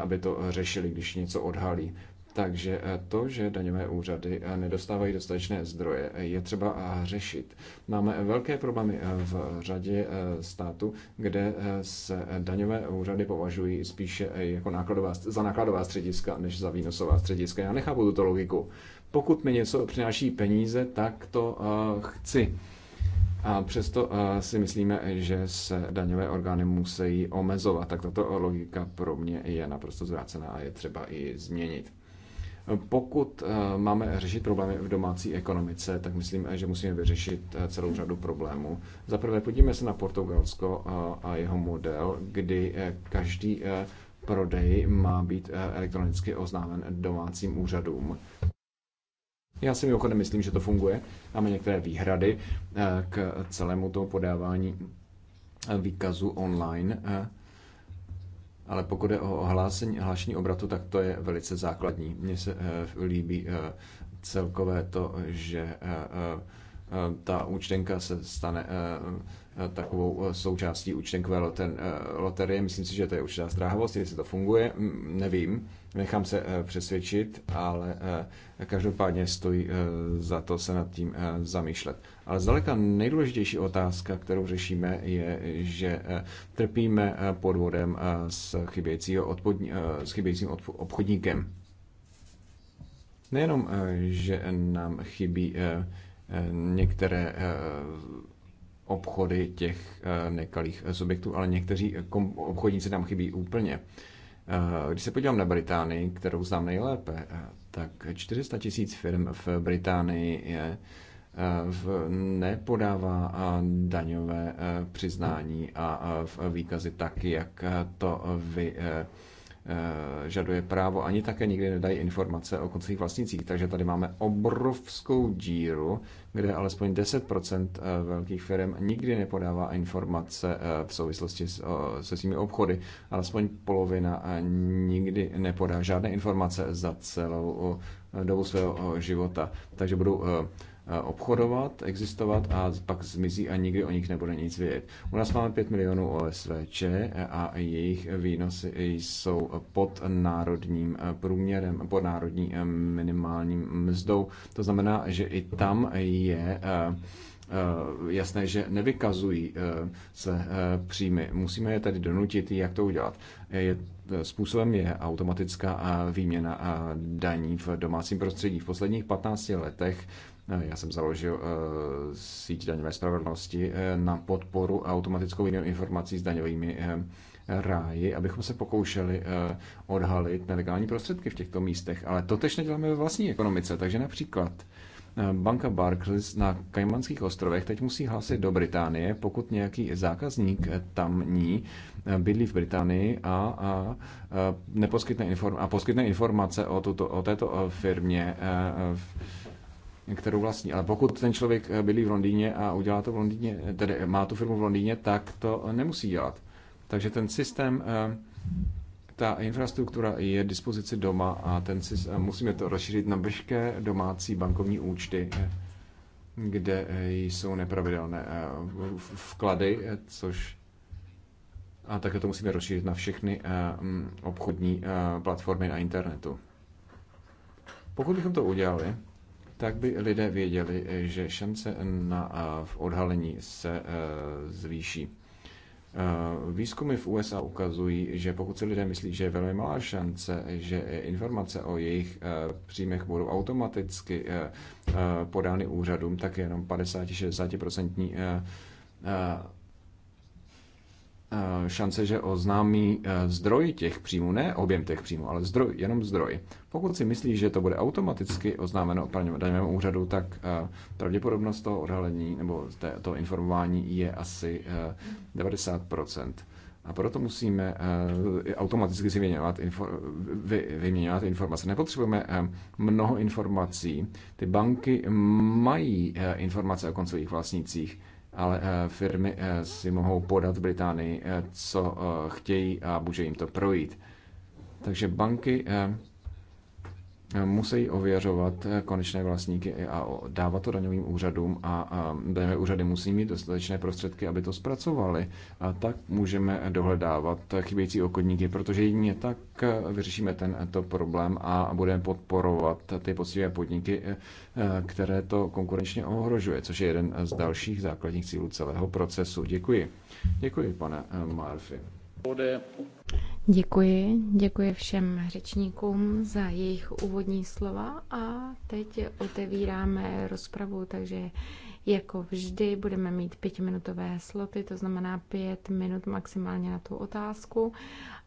aby to řešili, když něco odhalí. Takže to, že daňové úřady nedostávají dostatečné zdroje, je třeba řešit. Máme velké problémy v řadě států, kde se daňové úřady považují spíše jako nákladová, za nákladová střediska než za výnosová střediska. Já nechápu tuto logiku. Pokud mi něco přináší peníze, tak to eh, chci. A přesto eh, si myslíme, že se daňové orgány musí omezovat. Tak tato logika pro mě je naprosto zvrácená a je třeba i změnit. Pokud eh, máme řešit problémy v domácí ekonomice, tak myslím, že musíme vyřešit celou řadu problémů. Za prvé, podívejme se na Portugalsko a jeho model, kdy každý prodej má být elektronicky oznámen domácím úřadům. Já si mimochodem myslím, že to funguje. Máme některé výhrady eh, k celému tomu podávání eh, výkazu online, eh, ale pokud je o hlášení, hlášení obratu, tak to je velice základní. Mně se líbí celkové to, že ta účtenka se stane takovou součástí účtenkové loterie. Myslím si, že to je určitá zdráhavost, jestli to funguje, nevím. Nechám se eh, přesvědčit, ale eh, každopádně stojí eh, za to se nad tím zamýšlet. Ale zdaleka nejdůležitější otázka, kterou řešíme, je, že trpíme podvodem s, odpodní, s chybějícím obchodníkem. Nejenom, že nám chybí některé obchody těch nekalých subjektů, ale někteří obchodníci nám chybí úplně. Eh, když se podívám na Británii, kterou znám nejlépe, eh, tak 400 tisíc firm v Británii je, eh, v, nepodává daňové přiznání a výkazy tak, jak to vy Eh, žaduje právo, ani také nikdy nedají informace o koncových vlastnicích. Takže tady máme obrovskou díru, kde alespoň 10% eh, velkých firm nikdy nepodává informace eh, v souvislosti se svými obchody. Alespoň polovina nikdy nepodá žádné informace za celou dobu svého života. Takže budou obchodovat, existovat a pak zmizí a nikdy o nich nebude nic vědět. U nás máme 5 milionů OSVČ a jejich výnosy jsou pod národním průměrem, pod národní eh, minimálním mzdou. To znamená, že i tam je eh, eh, jasné, že nevykazují se příjmy. Musíme je tady donutit, jak to udělat. Je, způsobem je automatická výměna daní v domácím prostředí. V posledních 15 letech Eh, já jsem založil eh, síť daňové spravedlnosti eh, na podporu automatickou výměnu informací s daňovými ráji, abychom se pokoušeli odhalit nelegální prostředky v těchto místech. Ale to tež neděláme ve vlastní ekonomice. Takže například banka Barclays na Kajmanských ostrovech teď musí hlásit do Británie, pokud nějaký zákazník tamní bydlí v Británii a, a, neposkytne inform- a poskytne informace o, tuto, o této firmě v kterou vlastní. Ale pokud ten člověk eh, bydlí v Londýně a udělá to v Londýně, eh, tedy má tu firmu v Londýně, tak to eh, nemusí dělat. Takže ten systém, ta infrastruktura je k dispozici doma a ten systém, musíme to rozšířit na veškeré domácí bankovní účty, kde jsou nepravidelné vklady, což a také to musíme rozšířit na všechny mm, obchodní platformy na internetu. Pokud bychom to udělali, tak by lidé věděli, že šance na v odhalení se e, zvýší. E, výzkumy v USA ukazují, že pokud si lidé myslí, že je velmi malá šance, že informace o jejich e, příjmech budou automaticky podány úřadům, tak je jenom 50-60% Eh, šance, že oznámí eh, zdroj těch příjmů, ne objem těch příjmů, ale zdroj, jenom zdroj. Pokud si myslí, že to bude automaticky oznámeno daňovému úřadu, tak eh, pravděpodobnost toho odhalení nebo toho informování je asi 90%. A proto musíme automaticky si vyměňovat, vy, vyměňovat informace. Nepotřebujeme mnoho informací. Ty banky mají informace o koncových vlastnících ale eh, firmy eh, si mohou podat v Británii, eh, co chtějí a může jim to projít. Takže banky musí ověřovat eh, konečné vlastníky a dávat to daňovým úřadům a daňové úřady musí mít dostatečné prostředky, aby to zpracovali. A tak můžeme dohledávat eh, chybějící okodníky, protože jedině tak eh, vyřešíme tento problém a budeme podporovat ty poctivé podniky, které to konkurenčně ohrožuje, což je jeden z dalších základních cílů celého procesu. Děkuji. Děkuji, pane Murphy. Děkuji, děkuji všem řečníkům za jejich úvodní slova a teď otevíráme rozpravu, takže jako vždy budeme mít pětiminutové sloty, to znamená pět minut maximálně na tu otázku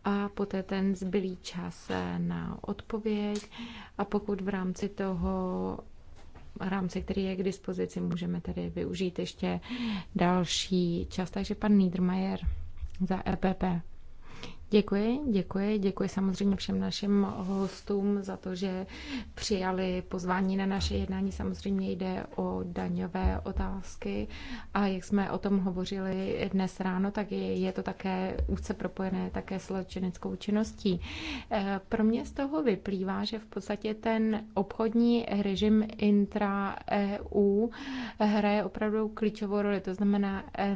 a poté ten zbylý čas na odpověď a pokud v rámci toho rámci, který je k dispozici, můžeme tedy využít ještě další čas. Takže pan Niedermayer za EPP. Děkuji, děkuji, děkuji samozřejmě všem našim hostům za to, že přijali pozvání na naše jednání. Samozřejmě jde o daňové otázky a jak jsme o tom hovořili dnes ráno, tak je, je to také úzce propojené také s zločineckou činností. Eh, pro mě z toho vyplývá, že v podstatě ten obchodní režim intra-EU hraje opravdu klíčovou roli. To znamená, eh,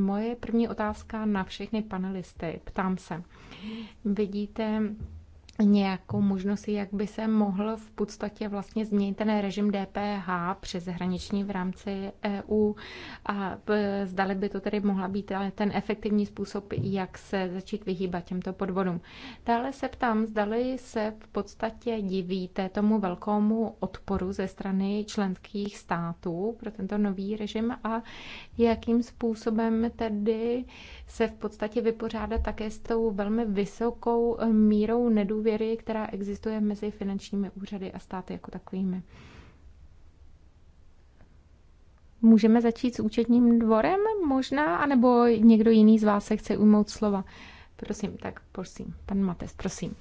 moje první otázka na všechny panelisty. Ptám se. Vidíte, nějakou možnost, jak by se mohl v podstatě vlastně změnit ten režim DPH přes hraniční v rámci EU a zdali by to tedy mohla být eh, ten efektivní způsob, jak se začít vyhýbat těmto podvodům. Dále se ptám, zdali se v podstatě divíte tomu velkému odporu ze strany členských států pro tento nový režim a jakým způsobem tedy se v podstatě vypořádat také s tou velmi vysokou eh, mírou nedůvěry důvěry, která existuje mezi finančními úřady a státy jako takovými. Můžeme začít s účetním dvorem možná, anebo někdo jiný z vás se chce ujmout slova. Prosím, tak prosím, pan Mates, prosím.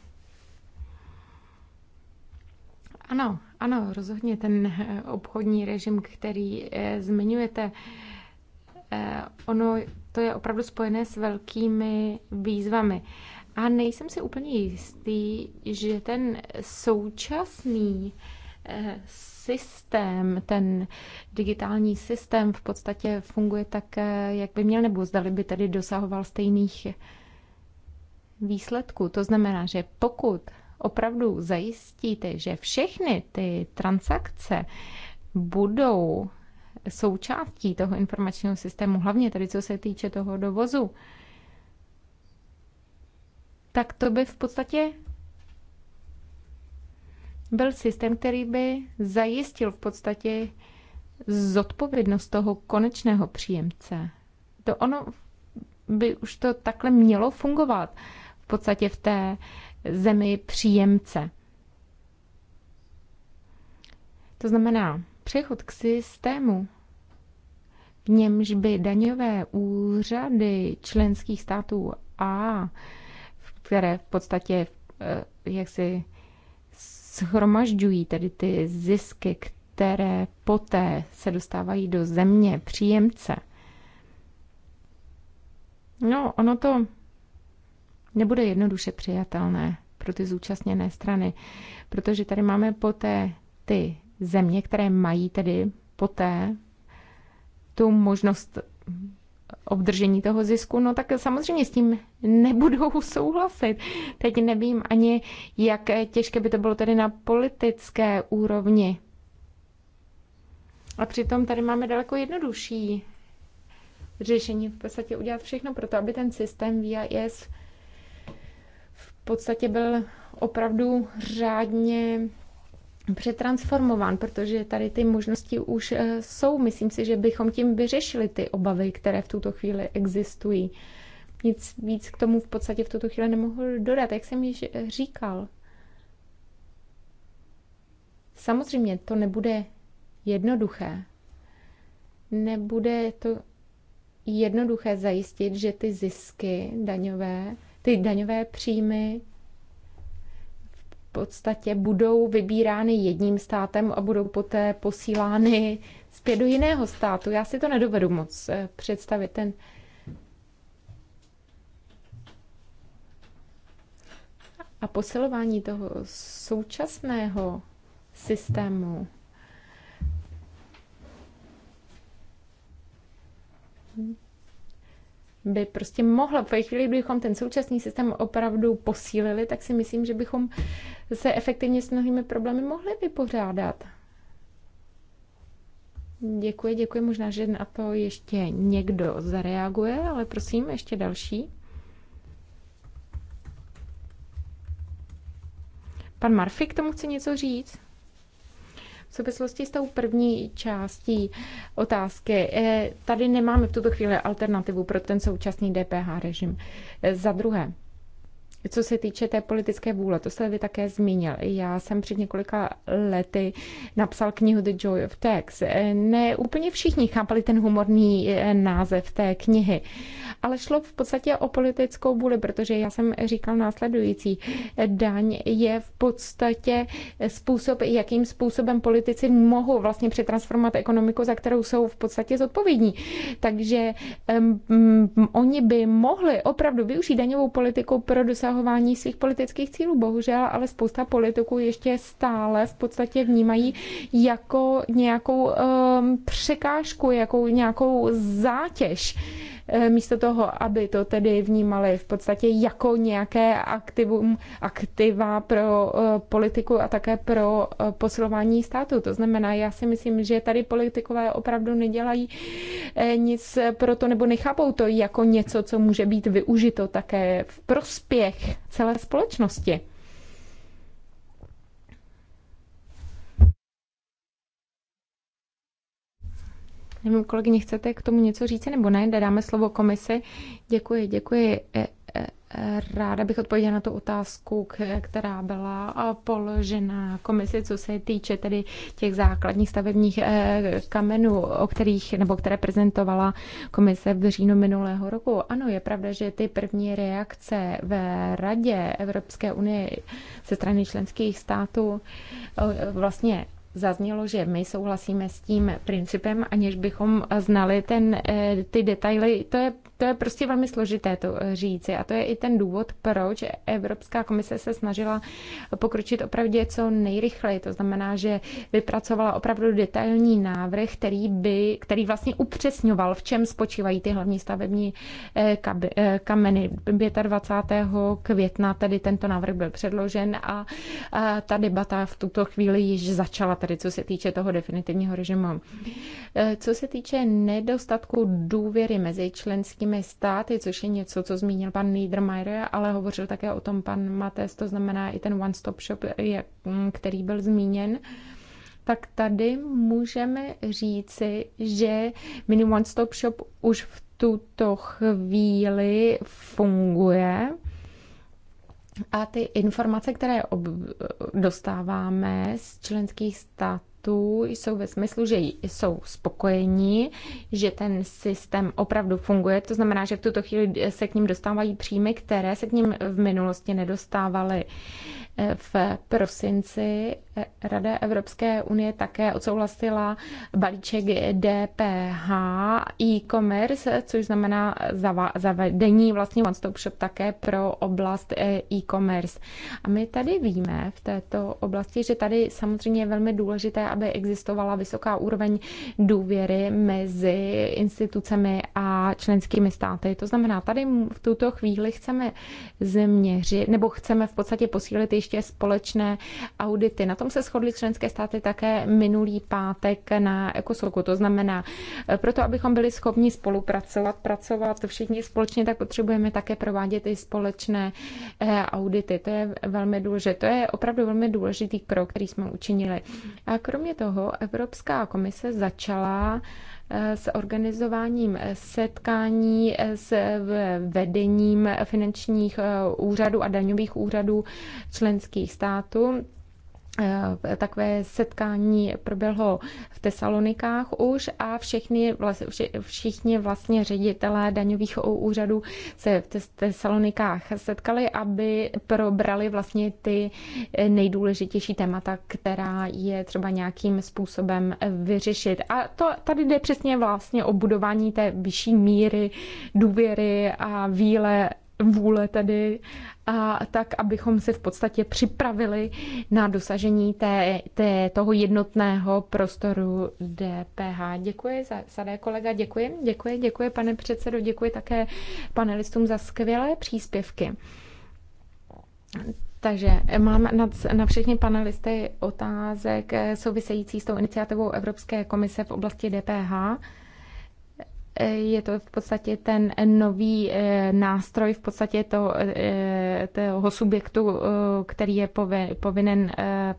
Ano, ano, rozhodně ten eh, obchodní režim, který eh, zmiňujete, eh, ono to je opravdu spojené s velkými výzvami. A nejsem si úplně jistý, že ten současný eh, systém, ten digitální systém v podstatě funguje tak, eh, jak by měl, nebo zdali by tedy dosahoval stejných výsledků. To znamená, že pokud opravdu zajistíte, že všechny ty transakce budou součástí toho informačního systému, hlavně tedy co se týče toho dovozu, tak to by v podstatě byl systém, který by zajistil v podstatě zodpovědnost toho konečného příjemce. To ono by už to takhle mělo fungovat v podstatě v té zemi příjemce. To znamená, přechod k systému, v němž by daňové úřady členských států a které v podstatě eh, jak si shromažďují tedy ty zisky, které poté se dostávají do země příjemce. No, ono to nebude jednoduše přijatelné pro ty zúčastněné strany, protože tady máme poté ty země, které mají tedy poté tu možnost obdržení toho zisku, no tak samozřejmě s tím nebudou souhlasit. Teď nevím ani, jak těžké by to bylo tedy na politické úrovni. A přitom tady máme daleko jednodušší řešení v podstatě udělat všechno pro to, aby ten systém VIS v podstatě byl opravdu řádně přetransformován, protože tady ty možnosti už eh, jsou. Myslím si, že bychom tím vyřešili ty obavy, které v tuto chvíli existují. Nic víc k tomu v podstatě v tuto chvíli nemohu dodat, jak jsem již eh, říkal. Samozřejmě to nebude jednoduché. Nebude to jednoduché zajistit, že ty zisky daňové, ty daňové příjmy podstatě budou vybírány jedním státem a budou poté posílány zpět do jiného státu. Já si to nedovedu moc eh, představit. Ten a posilování toho současného systému by prostě mohla, ve chvíli, kdybychom ten současný systém opravdu posílili, tak si myslím, že bychom se efektivně s mnohými problémy mohli vypořádat. Děkuji, děkuji. Možná, že na to ještě někdo zareaguje, ale prosím, ještě další. Pan Marfik tomu chce něco říct? V souvislosti s tou první částí otázky, eh, tady nemáme v tuto chvíli alternativu pro ten současný DPH režim. Eh, za druhé, co se týče té politické vůle, to jste vy také zmínil. Já jsem před několika lety napsal knihu The Joy of Tax. Ne úplně všichni chápali ten humorný eh, název té knihy, ale šlo v podstatě o politickou vůli, protože já jsem říkal následující. Daň je v podstatě způsob, jakým způsobem politici mohou vlastně přetransformovat ekonomiku, za kterou jsou v podstatě zodpovědní. Takže um, oni by mohli opravdu využít daňovou politiku pro dosa dosahování svých politických cílů. Bohužel, ale spousta politiků ještě stále v podstatě vnímají jako nějakou um, překážku, jako nějakou zátěž Eh, místo toho, aby to tedy vnímali v podstatě jako nějaké aktivum, aktiva pro eh, politiku a také pro eh, posilování státu. To znamená, já si myslím, že tady politikové opravdu nedělají nic pro to, nebo nechápou to jako něco, co může být využito také v prospěch celé společnosti. Nevím, kolegyně, chcete k tomu něco říct nebo ne? Dáme slovo komisi. Děkuji, děkuji. E, e, ráda bych odpověděla na tu otázku, která byla položena komisi, co se týče tedy těch základních stavebních e, kamenů, o kterých, nebo které prezentovala komise v říjnu minulého roku. Ano, je pravda, že ty první reakce ve Radě Evropské unie ze strany členských států vlastně zaznělo, že my souhlasíme s tím principem, aniž bychom znali ten, eh, ty detaily. To je to je prostě velmi složité to eh, říci a to je i ten důvod, proč Evropská komise se snažila pokročit opravdu co nejrychleji. To znamená, že vypracovala opravdu detailní návrh, který, by, který vlastně upřesňoval, v čem spočívají ty hlavní stavební eh, eh, kameny. 25. května tedy tento návrh byl předložen a ta debata v tuto chvíli již začala, tedy co se týče toho definitivního režimu. Co se týče nedostatku důvěry mezi členskými členskými státy, což je něco, co zmínil pan Niedermayer, ale hovořil také o tom pan Mates, to znamená i ten one-stop shop, mm, který byl zmíněn tak tady můžeme říci, že Mini One Stop Shop už v tuto chvíli funguje. A ty informace, které dostáváme z členských států, klientů jsou ve smyslu, že jsou spokojení, že ten systém opravdu funguje. To znamená, že v tuto chvíli se k ním dostávají příjmy, které se k ním v minulosti nedostávaly. V prosinci Rada Evropské unie také odsouhlasila balíček DPH e-commerce, což znamená zavedení vlastně one-stop shop také pro oblast eh, e-commerce. A my tady víme v této oblasti, že tady samozřejmě je velmi důležité, aby existovala vysoká úroveň důvěry mezi institucemi a členskými státy. To znamená, tady v tuto chvíli chceme změřit, nebo chceme v podstatě posílit ještě ještě společné audity. Na tom se shodly členské státy také minulý pátek na ekosolku. To znamená, eh, proto, abychom byli schopni spolupracovat, pracovat všichni společně, tak potřebujeme také provádět i společné eh, audity. To je velmi důležité. To je opravdu velmi důležitý krok, který jsme učinili. A kromě toho Evropská komise začala s organizováním setkání s vedením finančních eh, úřadů a daňových úřadů členských států. Eh, takové setkání proběhlo v Tesalonikách už a všichni, všichni vlastně ředitelé daňových úřadů se v Tesalonikách setkali, aby probrali vlastně ty eh, nejdůležitější témata, která je třeba nějakým způsobem eh, vyřešit. A to tady jde přesně vlastně o budování té vyšší míry důvěry a víle vůle tady a tak, abychom se v podstatě připravili na dosažení té, té, toho jednotného prostoru DPH. Děkuji, sadé kolega, děkuji, děkuji, děkuji, pane předsedo, děkuji také panelistům za skvělé příspěvky. Takže mám na, na všechny panelisty otázek eh, související s tou iniciativou Evropské komise v oblasti DPH. E, je to v podstatě ten nový e, nástroj, v podstatě to, e, toho subjektu, který je povinen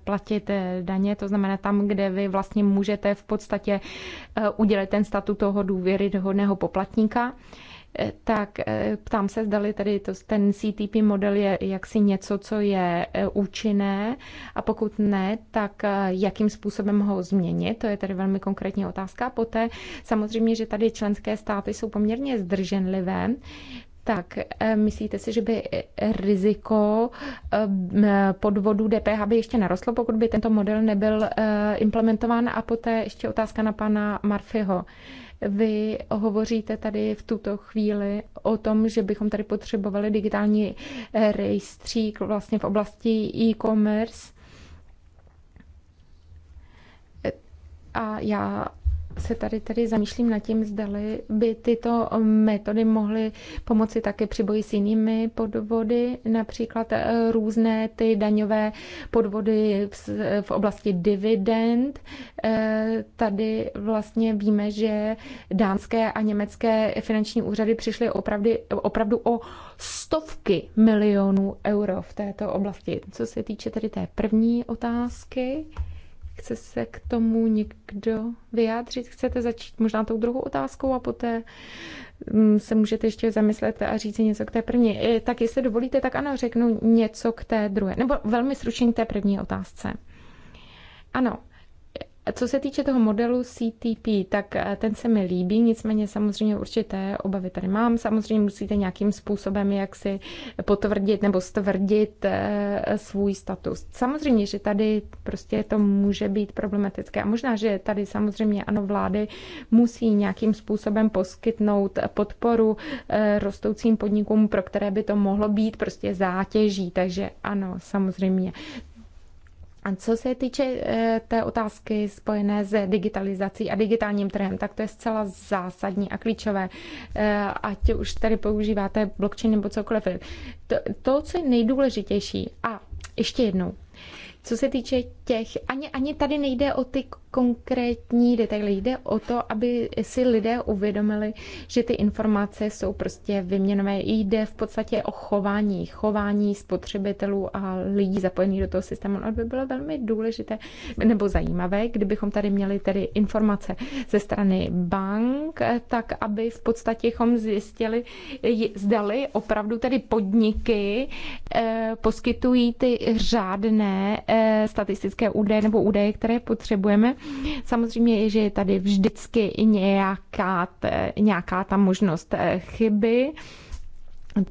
platit daně, to znamená tam, kde vy vlastně můžete v podstatě udělat ten statut toho důvěryhodného poplatníka. Eh, tak eh, ptám se, zdali tady to, ten CTP model je jaksi něco, co je eh, účinné a pokud ne, tak jakým způsobem ho změnit, to je tedy velmi konkrétní otázka. Poté samozřejmě, že tady členské státy jsou poměrně zdrženlivé, tak myslíte si, že by riziko podvodu DPH by ještě narostlo, pokud by tento model nebyl implementován? A poté ještě otázka na pana Marfiho. Vy hovoříte tady v tuto chvíli o tom, že bychom tady potřebovali digitální eh, rejstřík vlastně v oblasti e-commerce. Eh, a já se tady tady zamýšlím nad tím, zdali by tyto metody mohly pomoci také při boji s jinými podvody, například eh, různé ty daňové podvody v oblasti dividend. Eh, tady vlastně víme, že dánské a německé finanční úřady přišly opravdu, opravdu o stovky milionů euro v této oblasti. Co se týče tedy té první otázky, Chce se k tomu někdo vyjádřit? Chcete začít možná tou druhou otázkou a poté mm, se můžete ještě zamyslet a říct něco k té první. E, tak jestli dovolíte, tak ano, řeknu něco k té druhé. Nebo velmi stručně k té první otázce. Ano, co se týče toho modelu CTP, tak eh, ten se mi líbí, nicméně samozřejmě určité obavy tady mám. Samozřejmě musíte nějakým způsobem jak si potvrdit nebo stvrdit eh, svůj status. Samozřejmě, že tady prostě to může být problematické a možná, že tady samozřejmě ano, vlády musí nějakým způsobem poskytnout podporu eh, rostoucím podnikům, pro které by to mohlo být prostě zátěží, takže ano, samozřejmě a co se týče eh, té otázky spojené s digitalizací a digitálním trhem, tak to je zcela zásadní a klíčové. Eh, ať už tady používáte blockchain nebo cokoliv. To, to co je nejdůležitější, a ještě jednou, co se týče těch, ani, ani tady nejde o ty konkrétní detaily. Jde o to, aby si lidé uvědomili, že ty informace jsou prostě vyměnové. Jde v podstatě o chování, chování spotřebitelů a lidí zapojených do toho systému. No, by bylo velmi důležité nebo zajímavé, kdybychom tady měli tedy informace ze strany bank, tak aby v podstatě chom zjistili, zdali opravdu tedy podniky eh, poskytují ty řádné eh, statistické údaje nebo údaje, které potřebujeme Samozřejmě je, že je tady vždycky nějaká, nějaká ta možnost eh, chyby,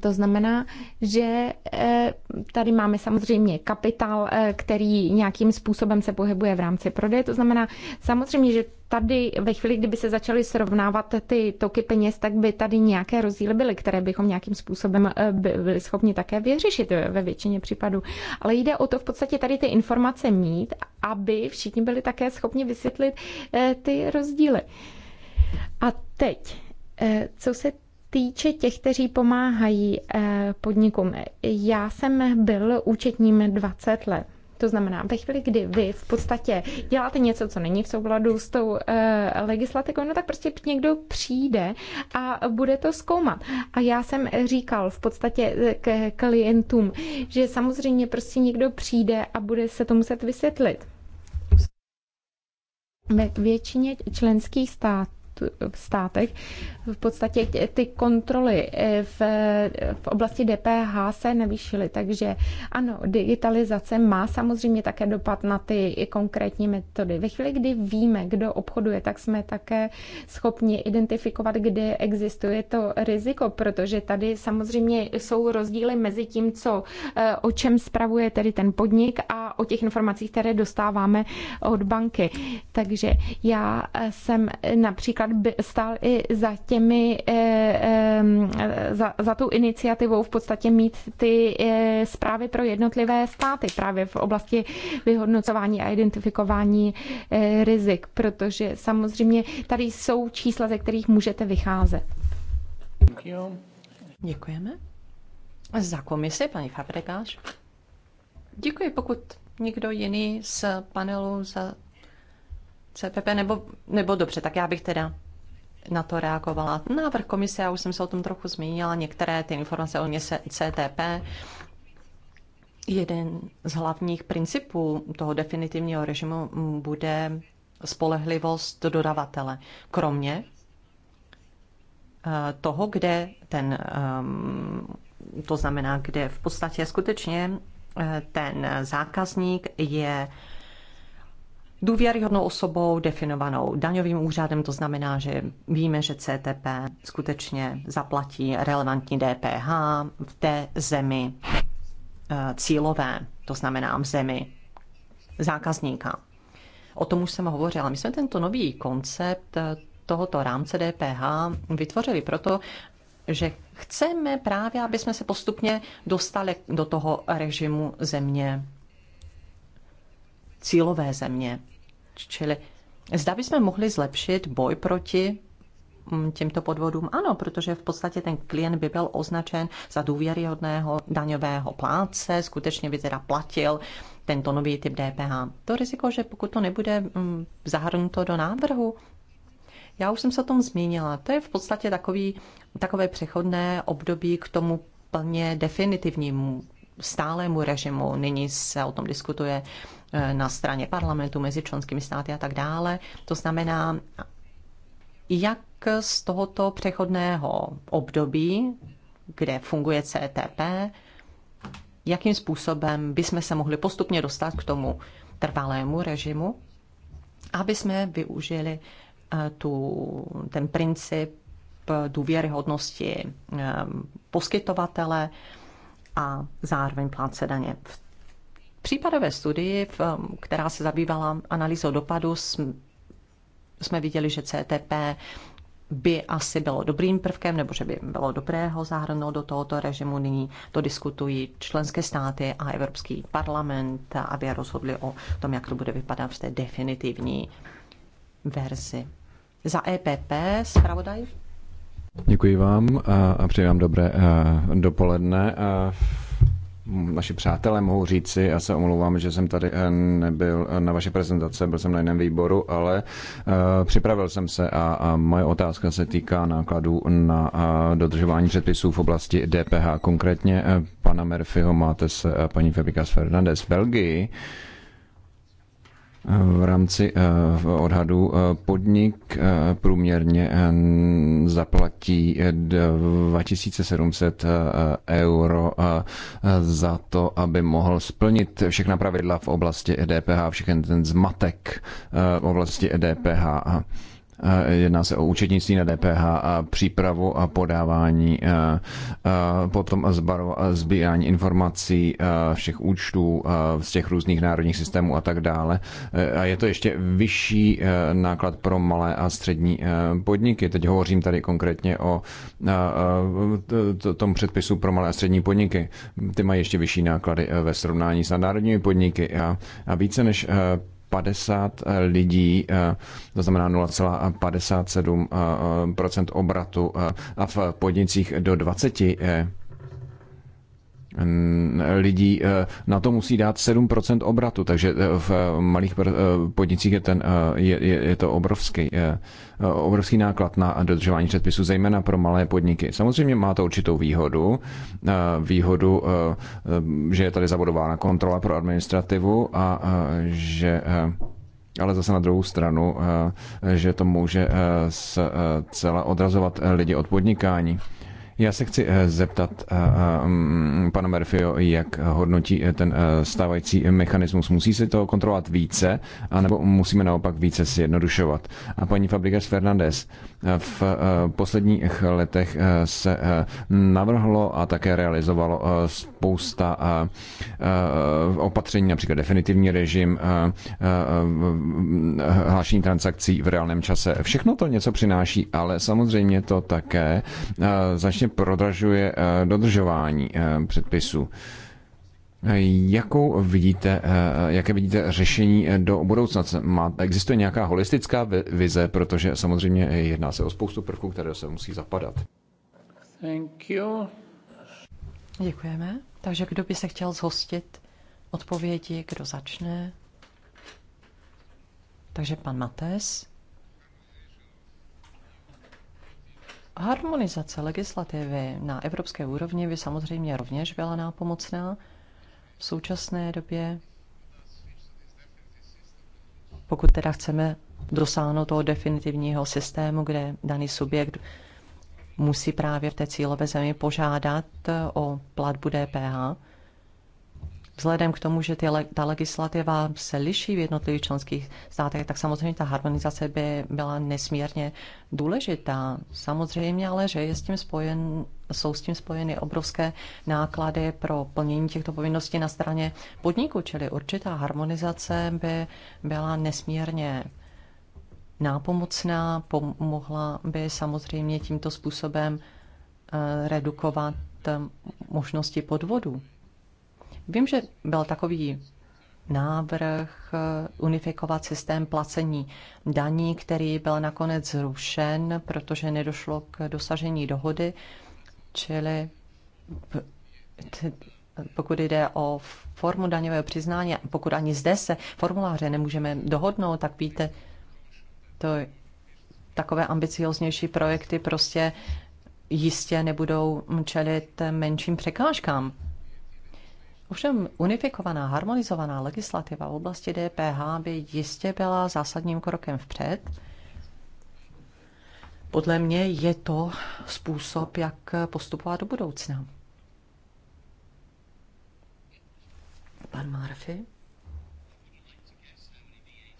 to znamená, že eh, tady máme samozřejmě kapitál, eh, který nějakým způsobem se pohybuje v rámci prodeje. To znamená samozřejmě, že tady ve chvíli, kdyby se začaly srovnávat ty toky peněz, tak by tady nějaké rozdíly byly, které bychom nějakým způsobem eh, byli schopni také vyřešit ve většině případů. Ale jde o to v podstatě tady ty informace mít, aby všichni byli také schopni vysvětlit ty rozdíly. A teď, co se týče těch, kteří pomáhají eh, podnikům, já jsem byl účetním 20 let. To znamená, ve chvíli, kdy vy v podstatě děláte něco, co není v souladu s tou e, eh, legislativou, no tak prostě někdo přijde a bude to zkoumat. A já jsem říkal v podstatě eh, k klientům, že samozřejmě prostě někdo přijde a bude se to muset vysvětlit. Ve většině členských států státech. V podstatě ty kontroly eh, v, v oblasti DPH se navýšily, takže ano, digitalizace má samozřejmě také dopad na ty konkrétní metody. Ve chvíli, kdy víme, kdo obchoduje, tak jsme také schopni identifikovat, kde existuje to riziko, protože tady samozřejmě jsou rozdíly mezi tím, co, eh, o čem spravuje tedy ten podnik a o těch informacích, které dostáváme od banky. Takže já eh, jsem například by stál i za těmi, eh, za, za tou iniciativou v podstatě mít ty eh, zprávy pro jednotlivé státy právě v oblasti vyhodnocování a identifikování eh, rizik, protože samozřejmě tady jsou čísla, ze kterých můžete vycházet. Děkujeme. Za komisi, paní Fabregáš. Děkuji, pokud někdo jiný z panelu za CPP, nebo, nebo dobře, tak já bych teda na to reagovala. Návrh komise, já už jsem se o tom trochu zmínila, některé ty informace o CTP, jeden z hlavních principů toho definitivního režimu bude spolehlivost dodavatele. Kromě eh, toho, kde ten, ehm, to znamená, kde v podstatě skutečně eh, ten zákazník je důvěryhodnou osobou definovanou daňovým úřadem, to znamená, že víme, že CTP skutečně zaplatí relevantní DPH v té zemi eh, cílové, to znamená v zemi zákazníka. O tom už jsem hovořila. My jsme tento nový koncept eh, tohoto rámce DPH vytvořili proto, že chceme právě, aby jsme se postupně dostali do toho režimu země, cílové země. Čili zda bychom mohli zlepšit boj proti mm, těmto podvodům? Ano, protože v podstatě ten klient by byl označen za důvěryhodného daňového plátce, skutečně by teda platil tento nový typ DPH. To riziko, že pokud to nebude mm, zahrnuto do návrhu, já už jsem se o tom zmínila. To je v podstatě takový, takové přechodné období k tomu plně definitivnímu stálému režimu. Nyní se o tom diskutuje Eh, na straně parlamentu mezi členskými státy a tak dále. To znamená, jak z tohoto přechodného období, kde funguje CTP, jakým způsobem bychom se mohli postupně dostat k tomu trvalému režimu, aby jsme využili eh, tu, ten princip důvěryhodnosti eh, poskytovatele a zároveň plátce daně. V případové studii, která se zabývala analýzou dopadu, jsme viděli, že CTP by asi bylo dobrým prvkem, nebo že by bylo dobré ho zahrnout do tohoto režimu. Nyní to diskutují členské státy a Evropský parlament, aby rozhodli o tom, jak to bude vypadat v té definitivní verzi. Za EPP zpravodaj. Děkuji vám a přeji vám dobré dopoledne naši přátelé mohou říci, já se omlouvám, že jsem tady eh, nebyl eh, na vaše prezentace, byl jsem na jiném výboru, ale eh, připravil jsem se a moje otázka se týká nákladů na dodržování předpisů v oblasti DPH. Konkrétně pana Murphyho máte se paní Fabrikas Fernandez v Belgii v rámci eh, odhadu eh, podnik eh, průměrně zaplatí 2700 euro za to, aby mohl splnit všechna pravidla v oblasti e DPH, všechen ten zmatek v oblasti e DPH. Eh, jedná se o účetnictví na DPH a přípravu a podávání, eh, eh, potom sbírání informací všech účtů z těch různých národních systémů a tak dále. A je to ještě vyšší náklad pro malé a střední podniky. Teď hovořím tady konkrétně o tom předpisu pro malé a střední podniky. Ty mají ještě vyšší náklady ve srovnání s národními podniky a více než 50 eh, lidí, eh, to znamená 0,57 eh, obratu a v podnicích do 20 lidí eh, na to musí dát 7% obratu, takže eh, eh, v malých podnicích je, ten, je, je, je to obrovský, je, obrovský náklad na dodržování předpisů, zejména pro malé podniky. Samozřejmě má to určitou výhodu, výhodu, že je tady zabudována kontrola pro administrativu a že ale zase na druhou stranu, že to může zcela odrazovat lidi od podnikání. Já se chci zeptat pana Murphyho, jak hodnotí ten stávající mechanismus. Musí se to kontrolovat více, anebo musíme naopak více zjednodušovat? A paní Fabrikas Fernandez, v posledních letech se navrhlo a také realizovalo spousta opatření, například definitivní režim, hlášení transakcí v reálném čase. Všechno to něco přináší, ale samozřejmě to také začne prodražuje eh, dodržování eh, předpisů. Eh, jakou vidíte, jaké vidíte řešení do budoucna? Má, existuje nějaká holistická vize, protože samozřejmě jedná se o spoustu prvků, které se musí zapadat. Thank you. Děkujeme. Takže kdo by se chtěl zhostit odpovědi, kdo začne? Takže pan Mates. Harmonizace legislativy na evropské úrovni by samozřejmě rovněž byla nápomocná v současné době, pokud teda chceme dosáhnout toho definitivního systému, kde daný subjekt musí právě v té cílové zemi požádat o platbu DPH, vzhledem k tomu, že ty, ta legislativa se liší v jednotlivých členských státech, tak samozřejmě ta harmonizace by byla nesmírně důležitá. Samozřejmě ale, že je s tím spojen, jsou s tím spojeny obrovské náklady pro plnění těchto povinností na straně podniku, čili určitá harmonizace by byla nesmírně nápomocná, pomohla by samozřejmě tímto způsobem eh, redukovat eh, možnosti podvodu. Vím, že byl takový návrh eh, unifikovat systém placení daní, který byl nakonec zrušen, protože nedošlo k dosažení dohody, čili pokud jde o formu daňového přiznání, pokud ani zde se formuláře nemůžeme dohodnout, tak víte, to takové ambicioznější projekty prostě jistě nebudou čelit menším překážkám Ovšem unifikovaná, harmonizovaná legislativa v oblasti DPH by jistě byla zásadním krokem vpřed. Podle mě je to způsob, jak postupovat do budoucna. Pan Murphy.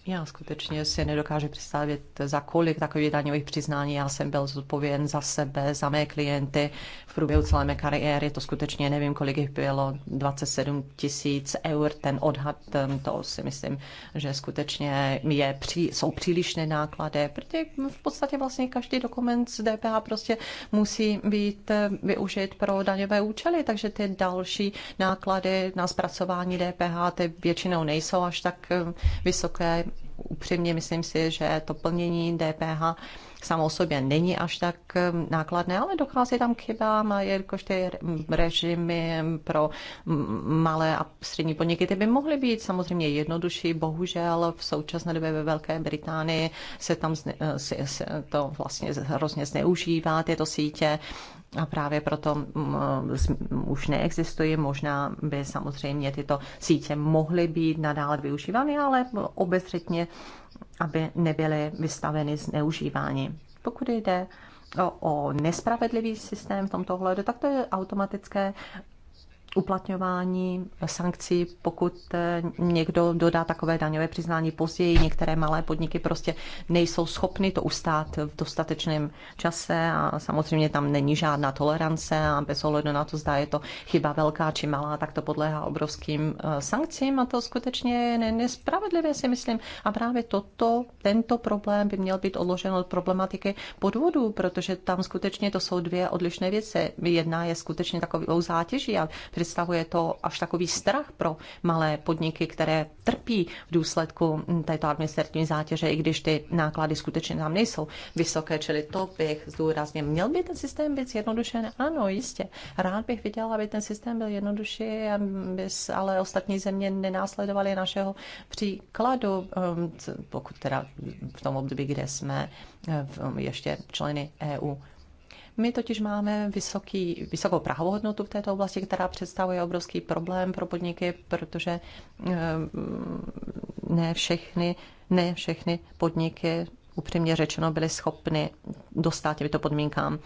Já skutečně si nedokážu představit, za kolik takových daňových přiznání já jsem byl zodpovědný za sebe, za mé klienty v průběhu celé mé kariéry. To skutečně nevím, kolik jich bylo, 27 tisíc eur, ten odhad, ehm, to si myslím, že skutečně je, pří, jsou přílišné náklady, protože v podstatě vlastně každý dokument z DPH prostě musí být ehm, využit pro daňové účely, takže ty další náklady na zpracování DPH ty většinou nejsou až tak ehm, vysoké, upřímně myslím si, že to plnění DPH samo o sobě není až tak um, nákladné, ale dochází tam k chybám a jelikož ty režimy pro malé a střední podniky, ty by mohly být samozřejmě jednodušší. Bohužel v současné době ve Velké Británii se tam eh, se, se to vlastně hrozně zneužívá tyto sítě a právě proto mm, eh, už neexistuje. Možná by samozřejmě tyto sítě mohly být nadále využívány, ale obezřetně, aby nebyly vystaveny zneužívání. Pokud jde o, o nespravedlivý systém v tomto ohledu, tak to je automatické uplatňování sankcí, pokud eh, někdo dodá takové daňové přiznání později. Některé malé podniky prostě nejsou schopny to ustát v dostatečném čase a samozřejmě tam není žádná tolerance a bez ohledu na to, zda je to chyba velká či malá, tak to podléhá obrovským eh, sankcím a to skutečně je nespravedlivé, si myslím. A právě toto, tento problém by měl být odložen od problematiky podvodů, protože tam skutečně to jsou dvě odlišné věci. Jedna je skutečně takovou zátěží a Představuje to až takový strach pro malé podniky, které trpí v důsledku této administrativní zátěže, i když ty náklady skutečně tam nejsou vysoké, čili to bych zdůraznil. Měl by ten systém být zjednodušen? Ano, jistě. Rád bych viděl, aby ten systém byl jednodušší, aby ale ostatní země nenásledovaly našeho příkladu, ehm, pokud teda v tom období, kde jsme ehm, ještě členy EU. My totiž máme vysoký, vysokou prahohodnotu v této oblasti, která představuje obrovský problém pro podniky, protože eh, ne všechny, ne všechny podniky, upřímně řečeno, byly schopny dostat těmito podmínkám.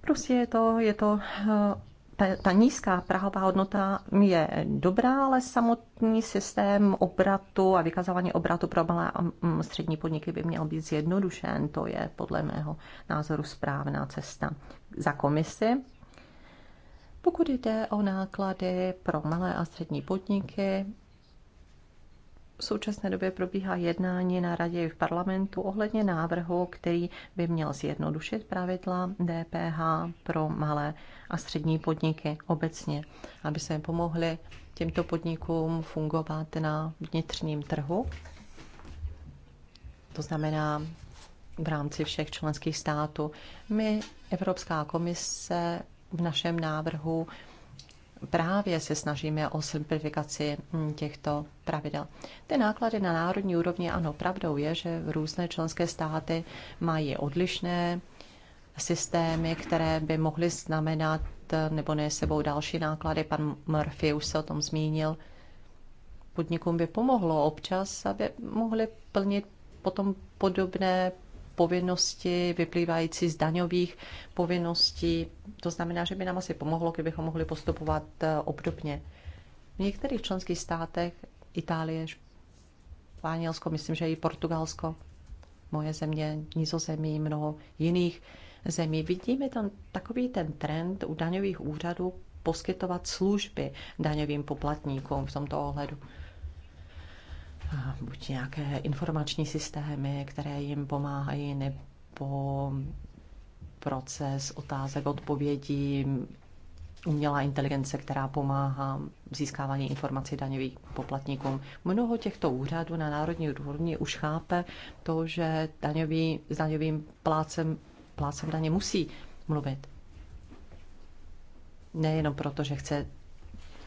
Prostě je to, je to eh, ta nízká prahová hodnota je dobrá, ale samotný systém obratu a vykazování obratu pro malé a střední podniky by měl být zjednodušen. To je podle mého názoru správná cesta za komisi. Pokud jde o náklady pro malé a střední podniky, v současné době probíhá jednání na radě v parlamentu ohledně návrhu, který by měl zjednodušit pravidla DPH pro malé a střední podniky obecně, aby se pomohli těmto podnikům fungovat na vnitřním trhu. To znamená v rámci všech členských států. My, Evropská komise, v našem návrhu právě se snažíme o simplifikaci mm, těchto pravidel. Ty náklady na národní úrovni, ano, pravdou je, že různé členské státy mají odlišné systémy, které by mohly znamenat nebo ne sebou další náklady. Pan Murphy už se o tom zmínil. Podnikům by pomohlo občas, aby mohli plnit potom podobné povinnosti vyplývající z daňových povinností. To znamená, že by nám asi pomohlo, kdybychom mohli postupovat eh, obdobně. V některých členských státech Itálie, Španělsko, myslím, že i Portugalsko, moje země, Nizozemí, mnoho jiných zemí. Vidíme tam takový ten trend u daňových úřadů poskytovat služby daňovým poplatníkům v tomto ohledu buď nějaké informační systémy, které jim pomáhají, nebo proces otázek, odpovědí, umělá inteligence, která pomáhá získávání informací daňových poplatníkům. Mnoho těchto úřadů na národní úrovni už chápe to, že daňový, s daňovým plácem, plácem daně musí mluvit. Nejenom proto, že chce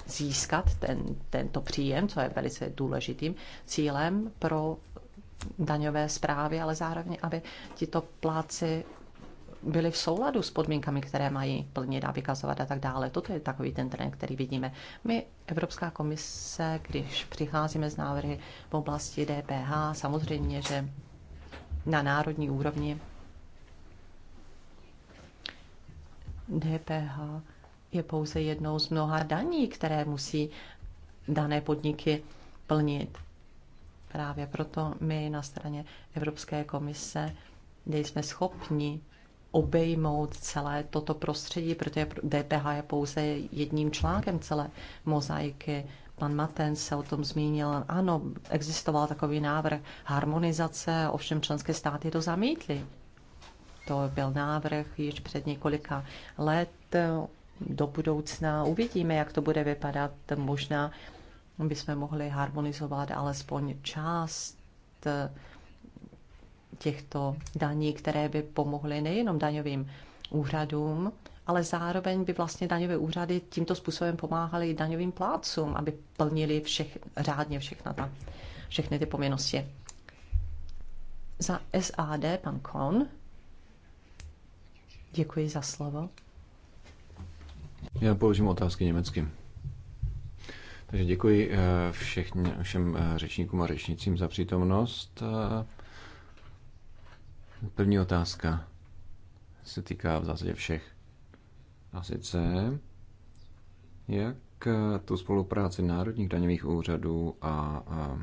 získat ten, tento příjem, co je velice důležitým cílem pro daňové zprávy, ale zároveň, aby tito pláci byli v souladu s podmínkami, které mají plnit a vykazovat a tak dále. Toto je takový ten trend, který vidíme. My, Evropská komise, když přicházíme z návrhy v oblasti DPH, samozřejmě, že na národní úrovni DPH je pouze jednou z mnoha daní, které musí dané podniky plnit. Právě proto my na straně Evropské komise nejsme schopni obejmout celé toto prostředí, protože DPH je pouze jedním článkem celé mozaiky. Pan Maten se o tom zmínil. Ano, existoval takový návrh harmonizace, ovšem členské státy to zamítly. To byl návrh již před několika let do budoucna uvidíme, jak to bude vypadat. Možná bychom mohli harmonizovat alespoň část eh, těchto daní, které by pomohly nejenom daňovým úřadům, ale zároveň by vlastně daňové úřady tímto způsobem pomáhaly i daňovým plátcům, aby plnili všech, řádně všechna ta, všechny ty povinnosti. Za SAD pan Kon. Děkuji za slovo. Já položím otázky německy. Takže děkuji eh, všechny, všem eh, řečníkům a řečnicím za přítomnost. Eh, první otázka se týká v zásadě všech. A sice, jak tu spolupráci národních daňových úřadů a, a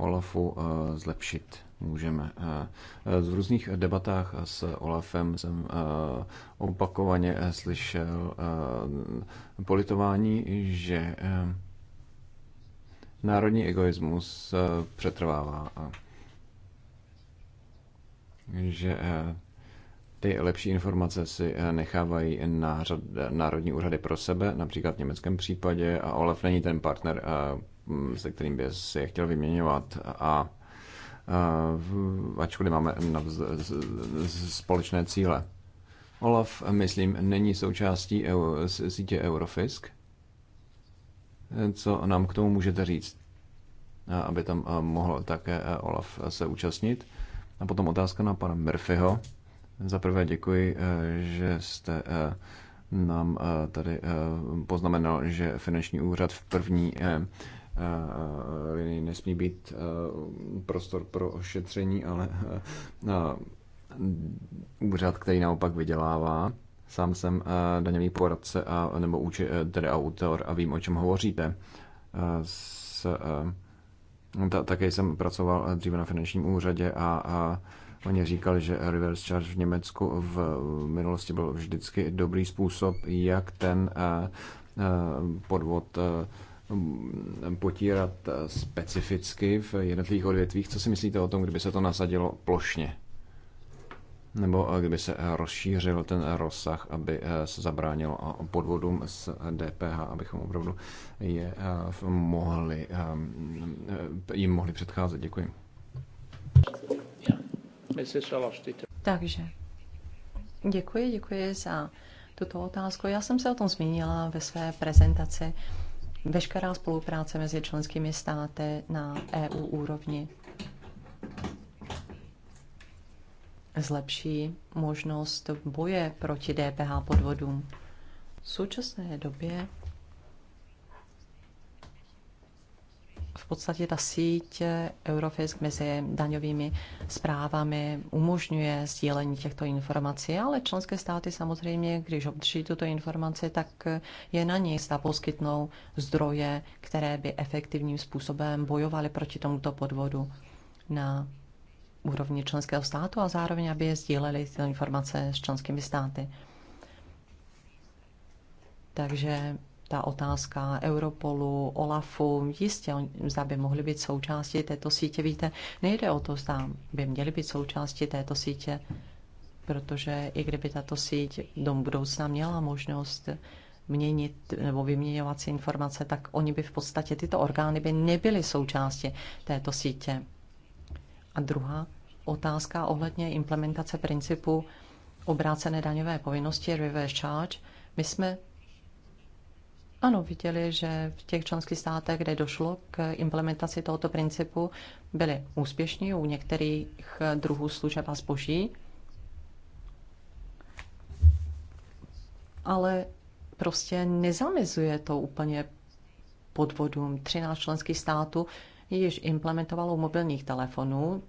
Olafu eh, zlepšit můžeme. Eh, eh, v různých debatách s Olafem jsem opakovaně slyšel politování, že národní egoismus přetrvává a že ty lepší informace si nechávají nářad, národní úřady pro sebe, například v německém případě, a Olaf není ten partner, Mm, se kterým by si je chtěl vyměňovat a ačkoliv máme společné cíle. Olaf, myslím, není součástí EU, sítě Eurofisk. Co nám k tomu můžete říct? Aby tam mohl také Olaf se účastnit. A potom otázka na pana Murphyho. Za prvé děkuji, e, že jste e, nám e, tady poznamenal, že finanční úřad v první Eh, eh, linii nesmí být eh, prostor pro ošetření, ale úřad, který naopak vydělává. Sám jsem daňový poradce a, nebo uči, tedy autor a vím, o čem hovoříte. S, ta, také jsem pracoval dříve na finančním úřadě a, a Oni říkali, že reverse charge v Německu v minulosti byl vždycky dobrý způsob, jak ten podvod Mm, potírat eh, specificky v jednotlivých odvětvích. Co si myslíte o tom, kdyby se to nasadilo plošně? Nebo eh, kdyby se eh, rozšířil ten rozsah, aby se zabránilo podvodům s DPH, abychom opravdu je mohli, jim mohli předcházet. Děkuji. Takže děkuji, děkuji za tuto otázku. Já jsem se o tom zmínila ve své prezentaci veškerá spolupráce mezi členskými státy na EU úrovni zlepší možnost boje proti DPH podvodům. V současné době v podstatě ta síť Eurofisk mezi daňovými zprávami umožňuje sdílení těchto informací, ale členské státy samozřejmě, když obdrží tuto informaci, tak je na ní zda poskytnou zdroje, které by efektivním způsobem bojovaly proti tomuto podvodu na úrovni členského státu a zároveň, aby je sdíleli tyto informace s členskými státy. Takže ta otázka Europolu, OLAFu, jistě zda by mohly být součástí této sítě. Víte, nejde o to, zda by měly být součástí této sítě, protože i kdyby tato síť do budoucna měla možnost měnit nebo vyměňovat si informace, tak oni by v podstatě, tyto orgány by nebyly součástí této sítě. A druhá otázka ohledně implementace principu obrácené daňové povinnosti, reverse charge. My jsme ano, viděli, že v těch členských státech, kde došlo k implementaci tohoto principu, byli úspěšní u některých druhů služeb a zboží, ale prostě nezamezuje to úplně podvodům. 13 členských států již implementovalo u mobilních telefonů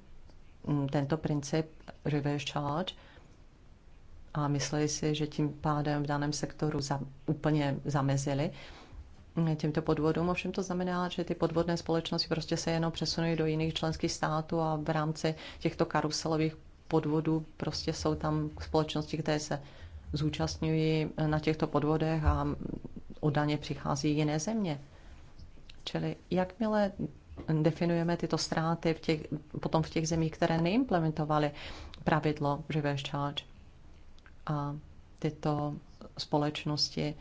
tento princip reverse charge – a mysleli si, že tím pádem v daném sektoru za, úplně zamezili těmto podvodům. Ovšem to znamená, že ty podvodné společnosti prostě se jenom přesunují do jiných členských států a v rámci těchto karuselových podvodů prostě jsou tam společnosti, které se zúčastňují na těchto podvodech a o daně přichází jiné země. Čili jakmile definujeme tyto ztráty v těch, potom v těch zemích, které neimplementovaly pravidlo Reverse Charge, a tyto společnosti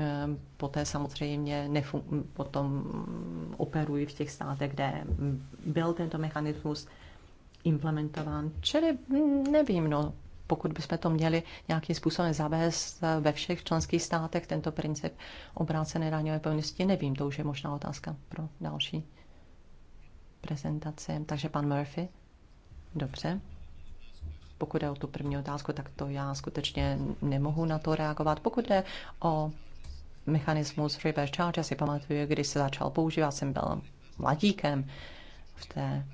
eh, poté samozřejmě nefum, potom operují v těch státech, kde byl tento mechanismus implementován. Čili mm, nevím, no, pokud bychom to měli nějakým způsobem zavést ve všech členských státech, tento princip obrácené daňové povinnosti, nevím, to už je možná otázka pro další prezentaci. Takže pan Murphy. Dobře. Pokud je o tu první otázku, tak to já skutečně nemohu na to reagovat. Pokud je o mechanismus reverse charge, já si pamatuju, když se začal používat, jsem byl mladíkem v té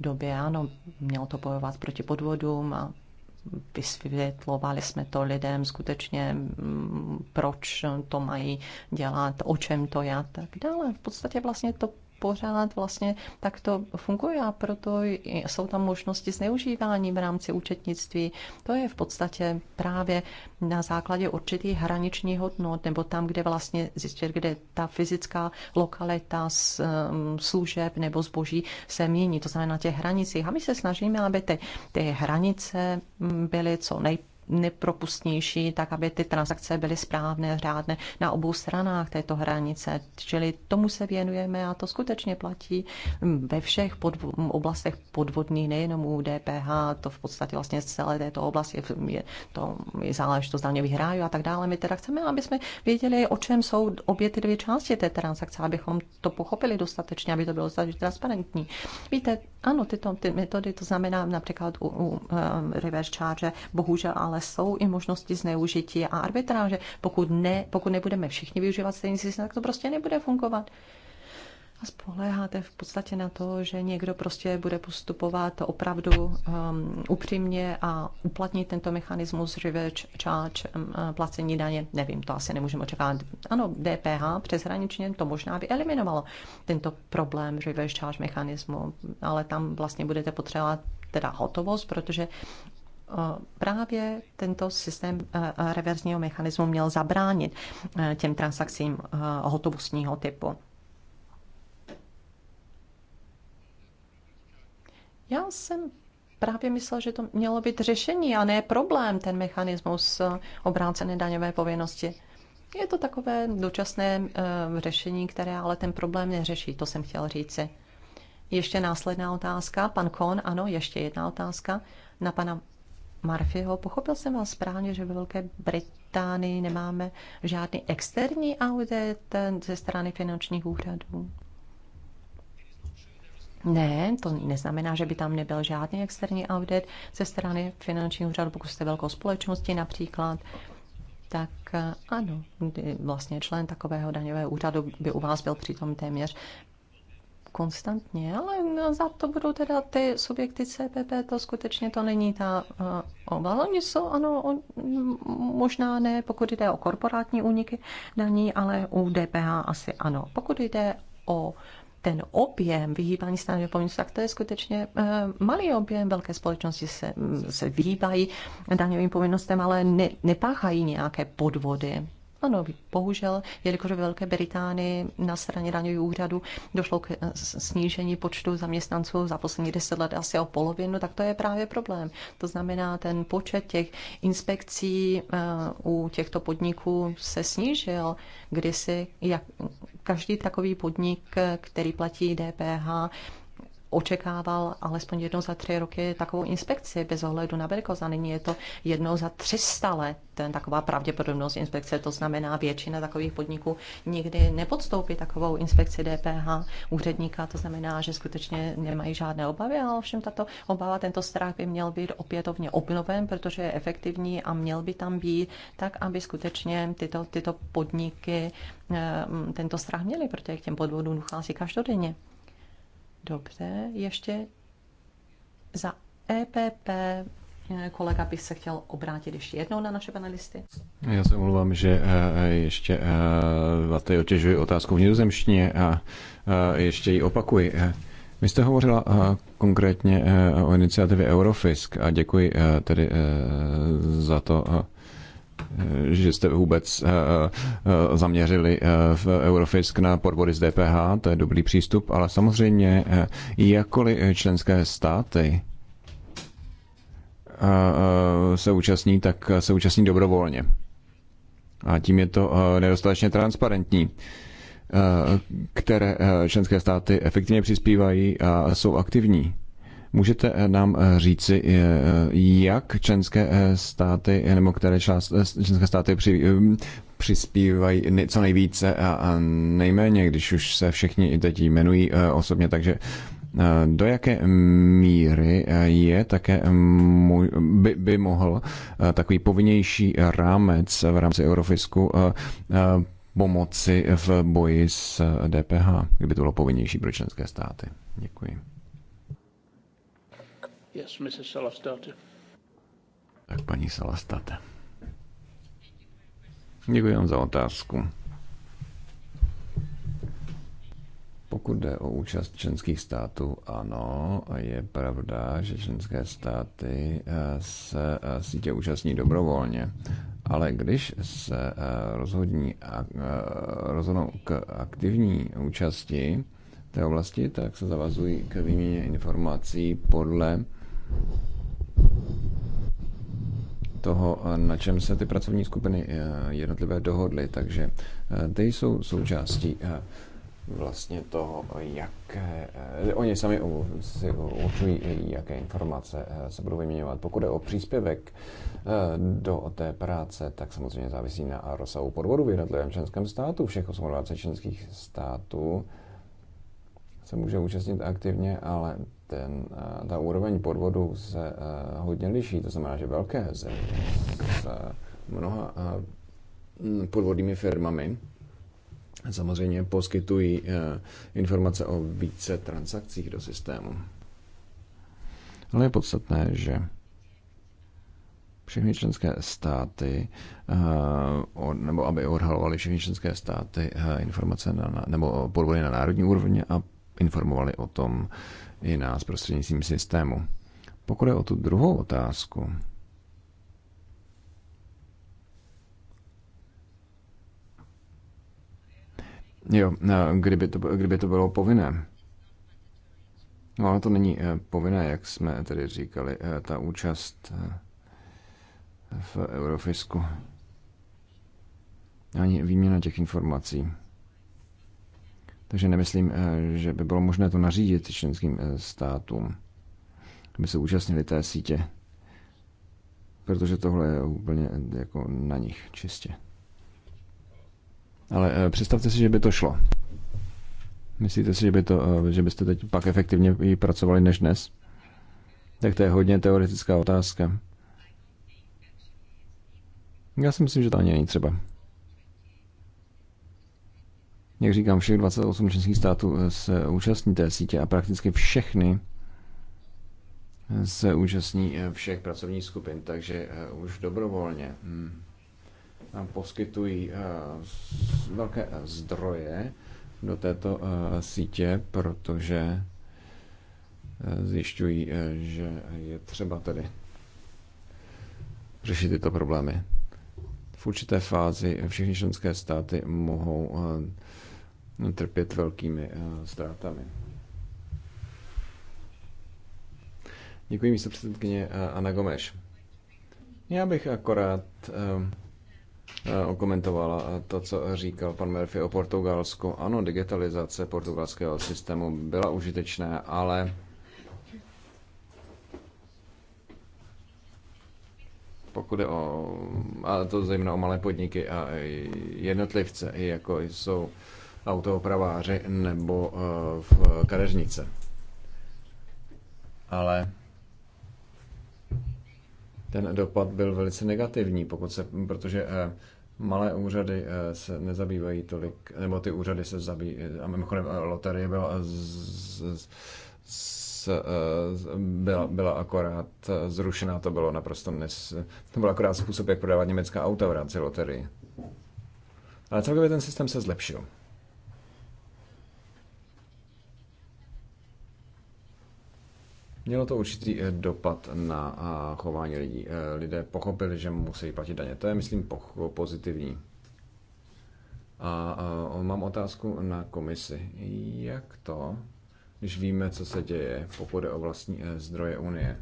době, ano, mělo to bojovat proti podvodům a vysvětlovali jsme to lidem skutečně, mm, proč to mají dělat, o čem to je a tak dále. V podstatě vlastně to pořád vlastně takto funguje a proto jsou tam možnosti zneužívání v rámci účetnictví. To je v podstatě právě na základě určitých hraničních hodnot nebo tam, kde vlastně zjistit, kde ta fyzická lokalita um, služeb nebo zboží se mění, to znamená na těch hranicích. A my se snažíme, aby ty, ty hranice mm, byly co nejprve nepropustnější, tak aby ty transakce byly správné, řádné na obou stranách této hranice. Čili tomu se věnujeme a to skutečně platí ve všech podv- oblastech podvodných, nejenom u DPH, to v podstatě vlastně z celé této oblasti je to je záležitost daňových rájů a tak dále. My teda chceme, aby jsme věděli, o čem jsou obě ty dvě části té transakce, abychom to pochopili dostatečně, aby to bylo dostatečně transparentní. Víte, ano, tyto ty metody, to znamená například u, u um, reverse charge, bohužel ale jsou i možnosti zneužití a arbitráže. Pokud, ne, pokud nebudeme všichni využívat stejný systém, tak to prostě nebude fungovat. A spoléháte v podstatě na to, že někdo prostě bude postupovat opravdu um, upřímně a uplatnit tento mechanismus živé čáč um, uh, placení daně. Nevím, to asi nemůžeme očekávat. Ano, DPH přeshraničně to možná by eliminovalo tento problém živé čáč mechanismu, ale tam vlastně budete potřebovat teda hotovost, protože právě tento systém eh, eh, reverzního mechanismu měl zabránit eh, těm transakcím hotovostního typu. Já jsem právě myslel, že to mělo být řešení a ne problém, ten mechanismus obrácené daňové povinnosti. Je to takové dočasné řešení, které ale ten problém neřeší, to jsem chtěl říci. Ještě následná otázka, pan Kon, ano, ještě jedna otázka na pana Marfiho. Pochopil jsem vás správně, že ve Velké Británii nemáme žádný externí audit eh, ze strany finančních úřadů. Ne, to neznamená, že by tam nebyl žádný externí audit ze strany finančního úřadu, pokud jste velkou společností například, tak eh, ano, vlastně člen takového daňového úřadu by u vás byl přitom téměř konstantně, ale no, za to budou teda ty subjekty CPP, to skutečně to není ta eh, obava. Oni jsou, ano, on, možná ne, pokud jde o korporátní úniky daní, ale u DPH asi ano. Pokud jde o ten objem vyhýbání státního povinnosti, tak to je skutečně eh, malý objem. Velké společnosti se, se vyhýbají daňovým povinnostem, ale ne, nepáchají nějaké podvody. Ano, bohužel, jelikož ve Velké Británii na straně daňových úřadu došlo k eh, snížení počtu zaměstnanců za poslední deset let asi o polovinu, tak to je právě problém. To znamená, ten počet těch inspekcí eh, u těchto podniků se snížil kdysi, jak každý takový podnik, eh, který platí DPH, očekával alespoň jednou za tři roky takovou inspekci bez ohledu na velikost a nyní je to jednou za 300 let ten, taková pravděpodobnost inspekce, to znamená většina takových podniků nikdy nepodstoupí takovou inspekci DPH úředníka, to znamená, že skutečně nemají žádné obavy, ale ovšem tato obava, tento strach by měl být opětovně obnoven, protože je efektivní a měl by tam být tak, aby skutečně tyto, tyto podniky eh, tento strach měly, protože k těm podvodům dochází každodenně. Dobře, ještě za EPP eh, kolega by se chtěl obrátit ještě jednou na naše panelisty. Já se omlouvám, že eh, ještě eh, tady otěžuji otázku v nizozemštině a ještě ji opakuji. Vy jste hovořila konkrétně o iniciativě Eurofisk a děkuji tedy za to, Eh, že jste vůbec eh, eh, zaměřili v Eurofisk na podvody z DPH, to je dobrý přístup, ale samozřejmě jakkoliv členské státy se účastní, tak se účastní dobrovolně. A tím je to nedostatečně transparentní které členské státy efektivně přispívají a jsou aktivní. Můžete eh, nám eh, říci, eh, jak členské státy nebo které část, členské státy při, přispívají co nejvíce a, a nejméně, když už se všichni teď jmenují osobně, takže do jaké míry je také by, by mohl takový povinnější rámec v rámci Eurofisku pomoci v boji s DPH, kdyby to bylo povinnější pro členské státy. Děkuji. Yes, Mrs. Salastate. Tak paní Salastate. Děkuji vám za otázku. Pokud jde o účast členských států, ano, je pravda, že členské státy eh, se eh, sítě účastní dobrovolně. Ale když se eh, rozhodní, rozhodnou k aktivní účasti té oblasti, tak se zavazují k výměně informací podle toho, na čem se ty pracovní skupiny eh, jednotlivé dohodly. Takže eh, ty jsou součástí eh, vlastně toho, jaké, oni sami si určují, jaké informace se budou vyměňovat. Pokud je o příspěvek do té práce, tak samozřejmě závisí na rozsahu podvodu v jednotlivém členském státu, všech 28 členských států se může účastnit aktivně, ale ten, eh, ta úroveň podvodu se eh, hodně liší. To znamená, že velké země s eh, mnoha podvodnými firmami samozřejmě poskytují informace o více transakcích do systému. Ale je podstatné, že všechny členské státy, nebo aby odhalovaly všechny členské státy informace na, nebo podvody na národní úrovni a informovali o tom i nás prostřednictvím systému. Pokud je o tu druhou otázku, Jo, kdyby to, kdyby to bylo povinné. No, ale to není eh, povinné, jak jsme tedy říkali, eh, ta účast eh, v Eurofisku. Ani výměna těch informací. Takže nemyslím, eh, že by bylo možné to nařídit členským eh, státům, aby se účastnili té sítě. Protože tohle je úplně eh, jako na nich čistě. Ale představte si, že by to šlo. Myslíte si, že, by to, že byste teď pak efektivně i pracovali než dnes? Tak to je hodně teoretická otázka. Já si myslím, že to ani není třeba. Jak říkám, všech 28 členských států eh, se účastní té sítě a prakticky všechny eh, se účastní eh, všech pracovních skupin, takže už dobrovolně hm, poskytují velké zdroje do této sítě, protože zjišťují, že je třeba tedy řešit tyto problémy. V určité fázi všechny členské státy mohou trpět velkými eh, ztrátami. Děkuji místo předsedkyně eh, Ana Gomeš. Já bych akorát eh, okomentovala to, co říkal pan Murphy o Portugalsku. Ano, digitalizace portugalského systému byla užitečná, ale pokud je o, a to zejména o malé podniky a jednotlivce, jako jsou autoopraváři nebo eh, v kadeřnice. Ale ten dopad byl velice negativní, pokud se, protože eh, malé úřady eh, se nezabývají tolik, nebo ty úřady se zabývají, a mimochodem loterie byla, z, z, z, byla, byla akorát zrušená, to bylo naprosto nes, to byl akorát způsob, jak prodávat německá auta v rámci loterie. Ale celkově ten systém se zlepšil. Mělo to určitý eh, dopad na eh, chování lidí. Eh, lidé pochopili, že musí platit daně. To je, myslím, pozitivní. A mám otázku na komisi. Jak to, když víme, co se děje, pokud je o vlastní zdroje Unie?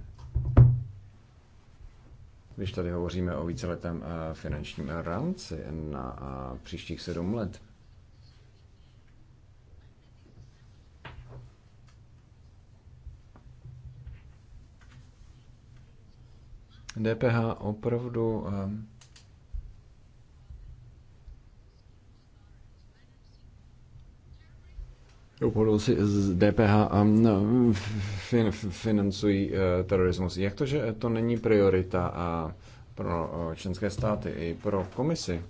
Když tady hovoříme o víceletém finančním rámci na příštích sedm let, DPH ehm, opravdu si z DPH ehm, no, fin, financují eh, terorismus. Jak to, že to není priorita pro eh, členské státy i pro komisi,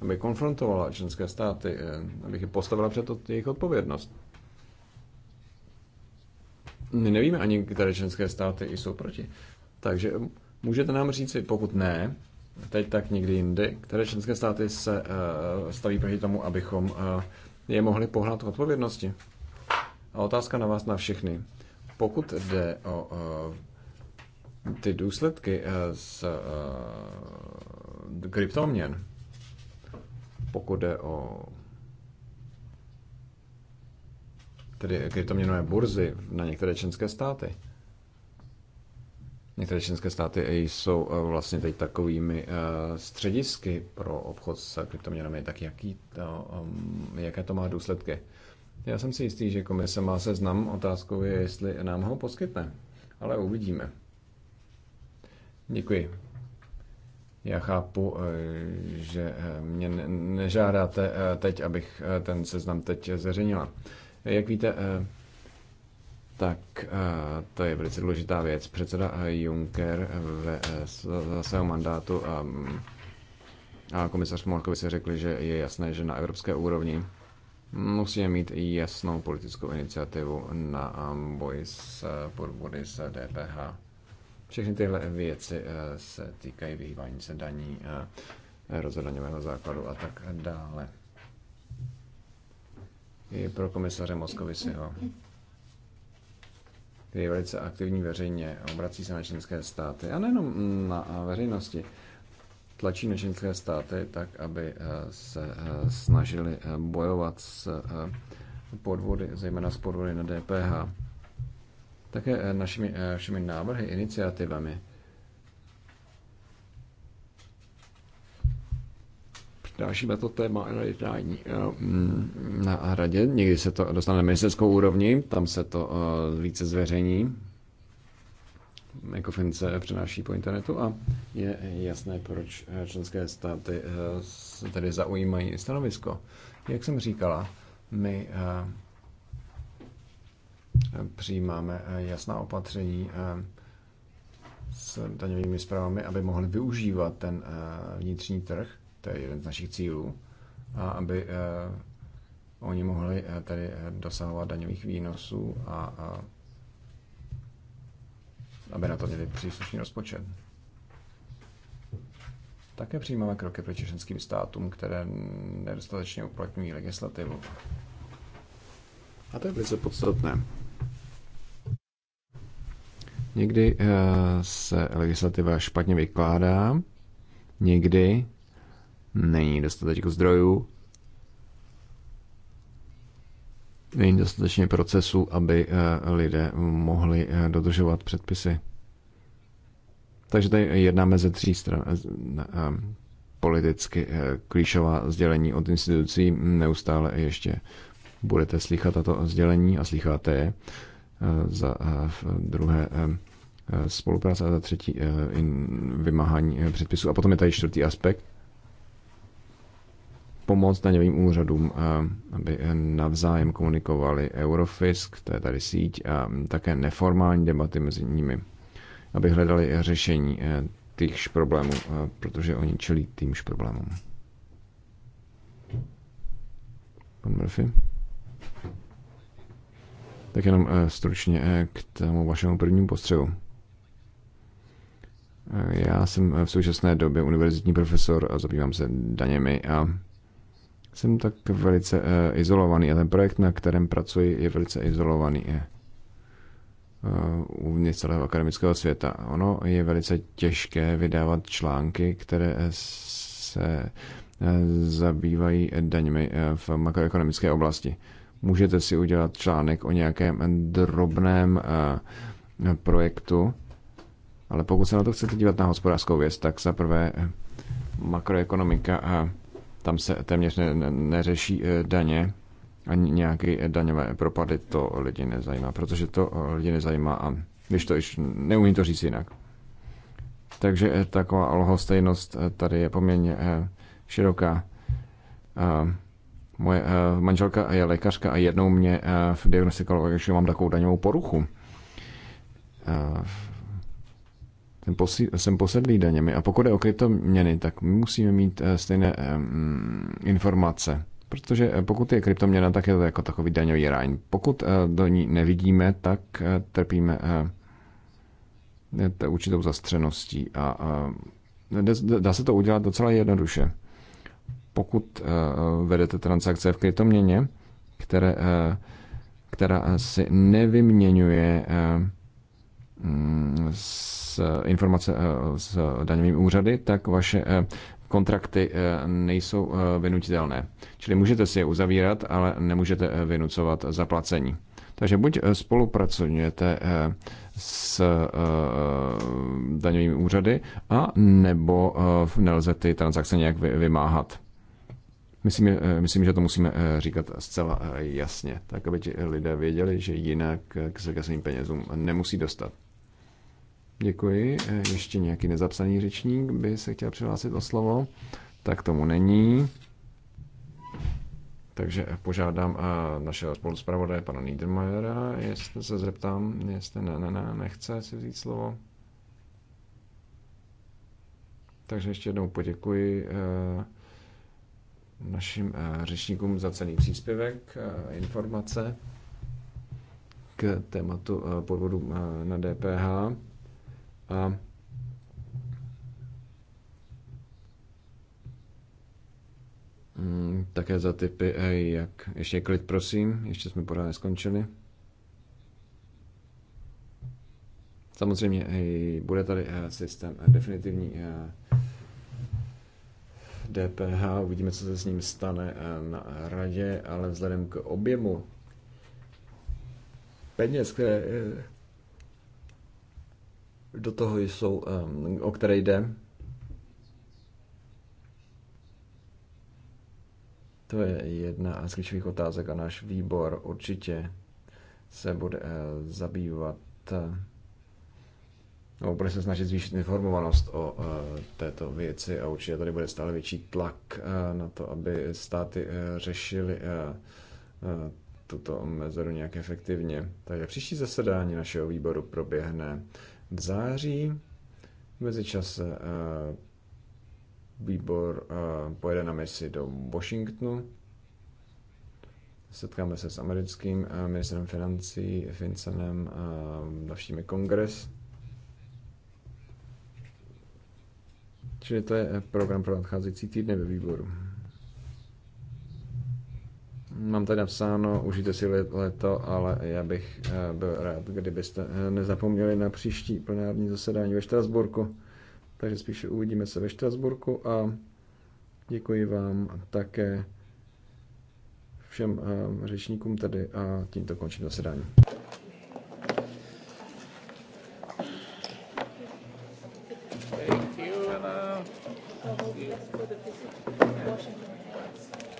aby konfrontovala členské státy, eh, aby je postavila před jejich odpovědnost? My nevíme ani, které členské státy jsou proti. Takže Můžete nám říci, pokud ne, teď tak někdy jindy, které členské státy se eh, staví proti tomu, abychom eh, je mohli pohnat k odpovědnosti? A otázka na vás na všechny. Pokud jde o eh, ty důsledky z kryptoměn, pokud jde o tedy kryptoměnové burzy na některé členské státy, Některé členské státy e jsou e, vlastně teď takovými e, středisky pro obchod s kryptoměnami. Tak jaký to, um, jaké to má důsledky? Já jsem si jistý, že komise má seznam. Otázkou je, jestli nám ho poskytne. Ale uvidíme. Děkuji. Já chápu, že mě nežádáte teď, abych ten seznam teď zveřejnila. Jak víte, tak eh, to je velice důležitá věc. Předseda eh, Juncker ve, eh, za svého mandátu a, ehm, a komisař Morkovi si řekli, že je jasné, že na evropské úrovni musíme mít jasnou politickou iniciativu na ehm, boj s podvody s DPH. Všechny tyhle věci se týkají vyhýbání se daní, rozhodaňového základu a tak dále. I pro komisaře si ho který je velice aktivní veřejně, obrací se na členské státy a nejenom na veřejnosti, tlačí na členské státy tak, aby eh, se eh, snažili eh, bojovat s podvody, zejména s podvody na DPH. Také našimi všemi návrhy, iniciativami Dášíme to téma na jednání eh, mm, na radě. Někdy se to dostane na ministerskou úrovni, tam se to eh, více zveřejní. Ekofin se přenáší po internetu a je jasné, proč eh, členské státy tedy zaujímají stanovisko. Jak jsem říkala, my přijímáme jasná opatření s daňovými zprávami, aby mohli využívat ten vnitřní trh to je jeden z našich cílů, a aby eh, oni mohli eh, tady eh, dosahovat daňových výnosů a, uh, aby na to měli příslušný rozpočet. Také přijímáme kroky proti členským státům, které nedostatečně uplatňují legislativu. A to je velice podstatné. Někdy se legislativa špatně vykládá, někdy Není dostatek zdrojů. Není dostatečně procesů, aby eh, lidé mohli eh, dodržovat předpisy. Takže tady jednáme ze tří stran. Eh, politicky klíčová sdělení od institucí neustále ještě budete slychat tato sdělení a slycháte je za druhé spolupráce a za třetí vymáhání předpisů. A potom je tady čtvrtý aspekt, pomoc daňovým úřadům, eh, aby navzájem komunikovali Eurofisk, to je tady síť, a také neformální debaty mezi nimi, aby hledali řešení eh, týchž problémů, eh, protože oni čelí týmž problémům. Pan Murphy? Tak jenom stručně k tomu vašemu prvnímu postřehu. Já jsem v současné době univerzitní profesor a zabývám se daněmi a jsem tak velice eh, izolovaný a ten projekt, na kterém pracuji, je velice izolovaný eh, eh, uvnitř celého akademického světa. Ono je velice těžké vydávat články, které se zabývají daňmi v makroekonomické oblasti. Můžete si udělat článek o nějakém drobném projektu, ale pokud se na to chcete dívat na hospodářskou věc, tak za prvé makroekonomika tam se téměř ne, ne, neřeší eh, daně ani nějaké eh, daňové propady, to lidi nezajímá, protože to eh, lidi nezajímá a když to již neumím to říct jinak. Takže taková lhostejnost tady je poměrně široká. Moje manželka je lékařka a jednou mě diagnostikovala, že mám takovou daňovou poruchu ten posí, jsem posedlý daněmi. A pokud je o kryptoměny, tak my musíme mít eh, stejné um, informace. Protože eh, pokud je kryptoměna, tak je to jako takový daňový ráň. Pokud eh, do ní nevidíme, tak trpíme určitou zastřeností. A dá se to udělat docela jednoduše. Pokud vedete transakce v kryptoměně, které, která si nevyměňuje s mm, z eh, informace s eh, daňovými úřady, tak vaše eh, kontrakty nejsou vynutitelné. Čili můžete si je uzavírat, ale nemůžete vynucovat zaplacení. Takže buď spolupracujete s daňovými úřady, a nebo nelze ty transakce nějak vymáhat. Myslím, myslím, že to musíme říkat zcela jasně, tak aby ti lidé věděli, že jinak k svým penězům nemusí dostat. Děkuji. Eh, ještě nějaký nezapsaný řečník by se chtěl přihlásit o slovo. Tak tomu není. Takže požádám eh, našeho spoluzpravodaje, pana Niedermayera, jestli se zeptám, jestli ne, ne, ne, nechce si vzít slovo. Takže ještě jednou poděkuji eh, našim řečníkům za celý příspěvek informace k tématu podvodu na DPH. A mm, také za typy, jak... Ještě klid, prosím. Ještě jsme pořád neskončili. Samozřejmě bude tady eh, systém eh, definitivní DPH, eh, uvidíme, co se s ním stane na radě, ale vzhledem k objemu peněz, které do toho jsou, o které jde. To je jedna z klíčových otázek a náš výbor určitě se bude eh, zabývat eh, nebo bude se snažit zvýšit informovanost o eh, této věci a určitě tady bude stále větší tlak na to, aby státy řešily tuto mezeru nějak efektivně. Takže příští zasedání našeho výboru proběhne září. Mezičas eh, výbor eh, pojede na misi do Washingtonu. Setkáme se s americkým eh, ministrem financí Fincenem, navštívíme kongres. Čili to je program pro nadcházející týdny ve výboru. Mám tady napsáno, užijte si leto, ale já bych eh, byl rád, kdybyste eh, nezapomněli na příští plenární zasedání ve Štrasburku. Takže spíše uvidíme se ve Štrasburku a děkuji vám také všem eh, řečníkům tady a tímto končím zasedání.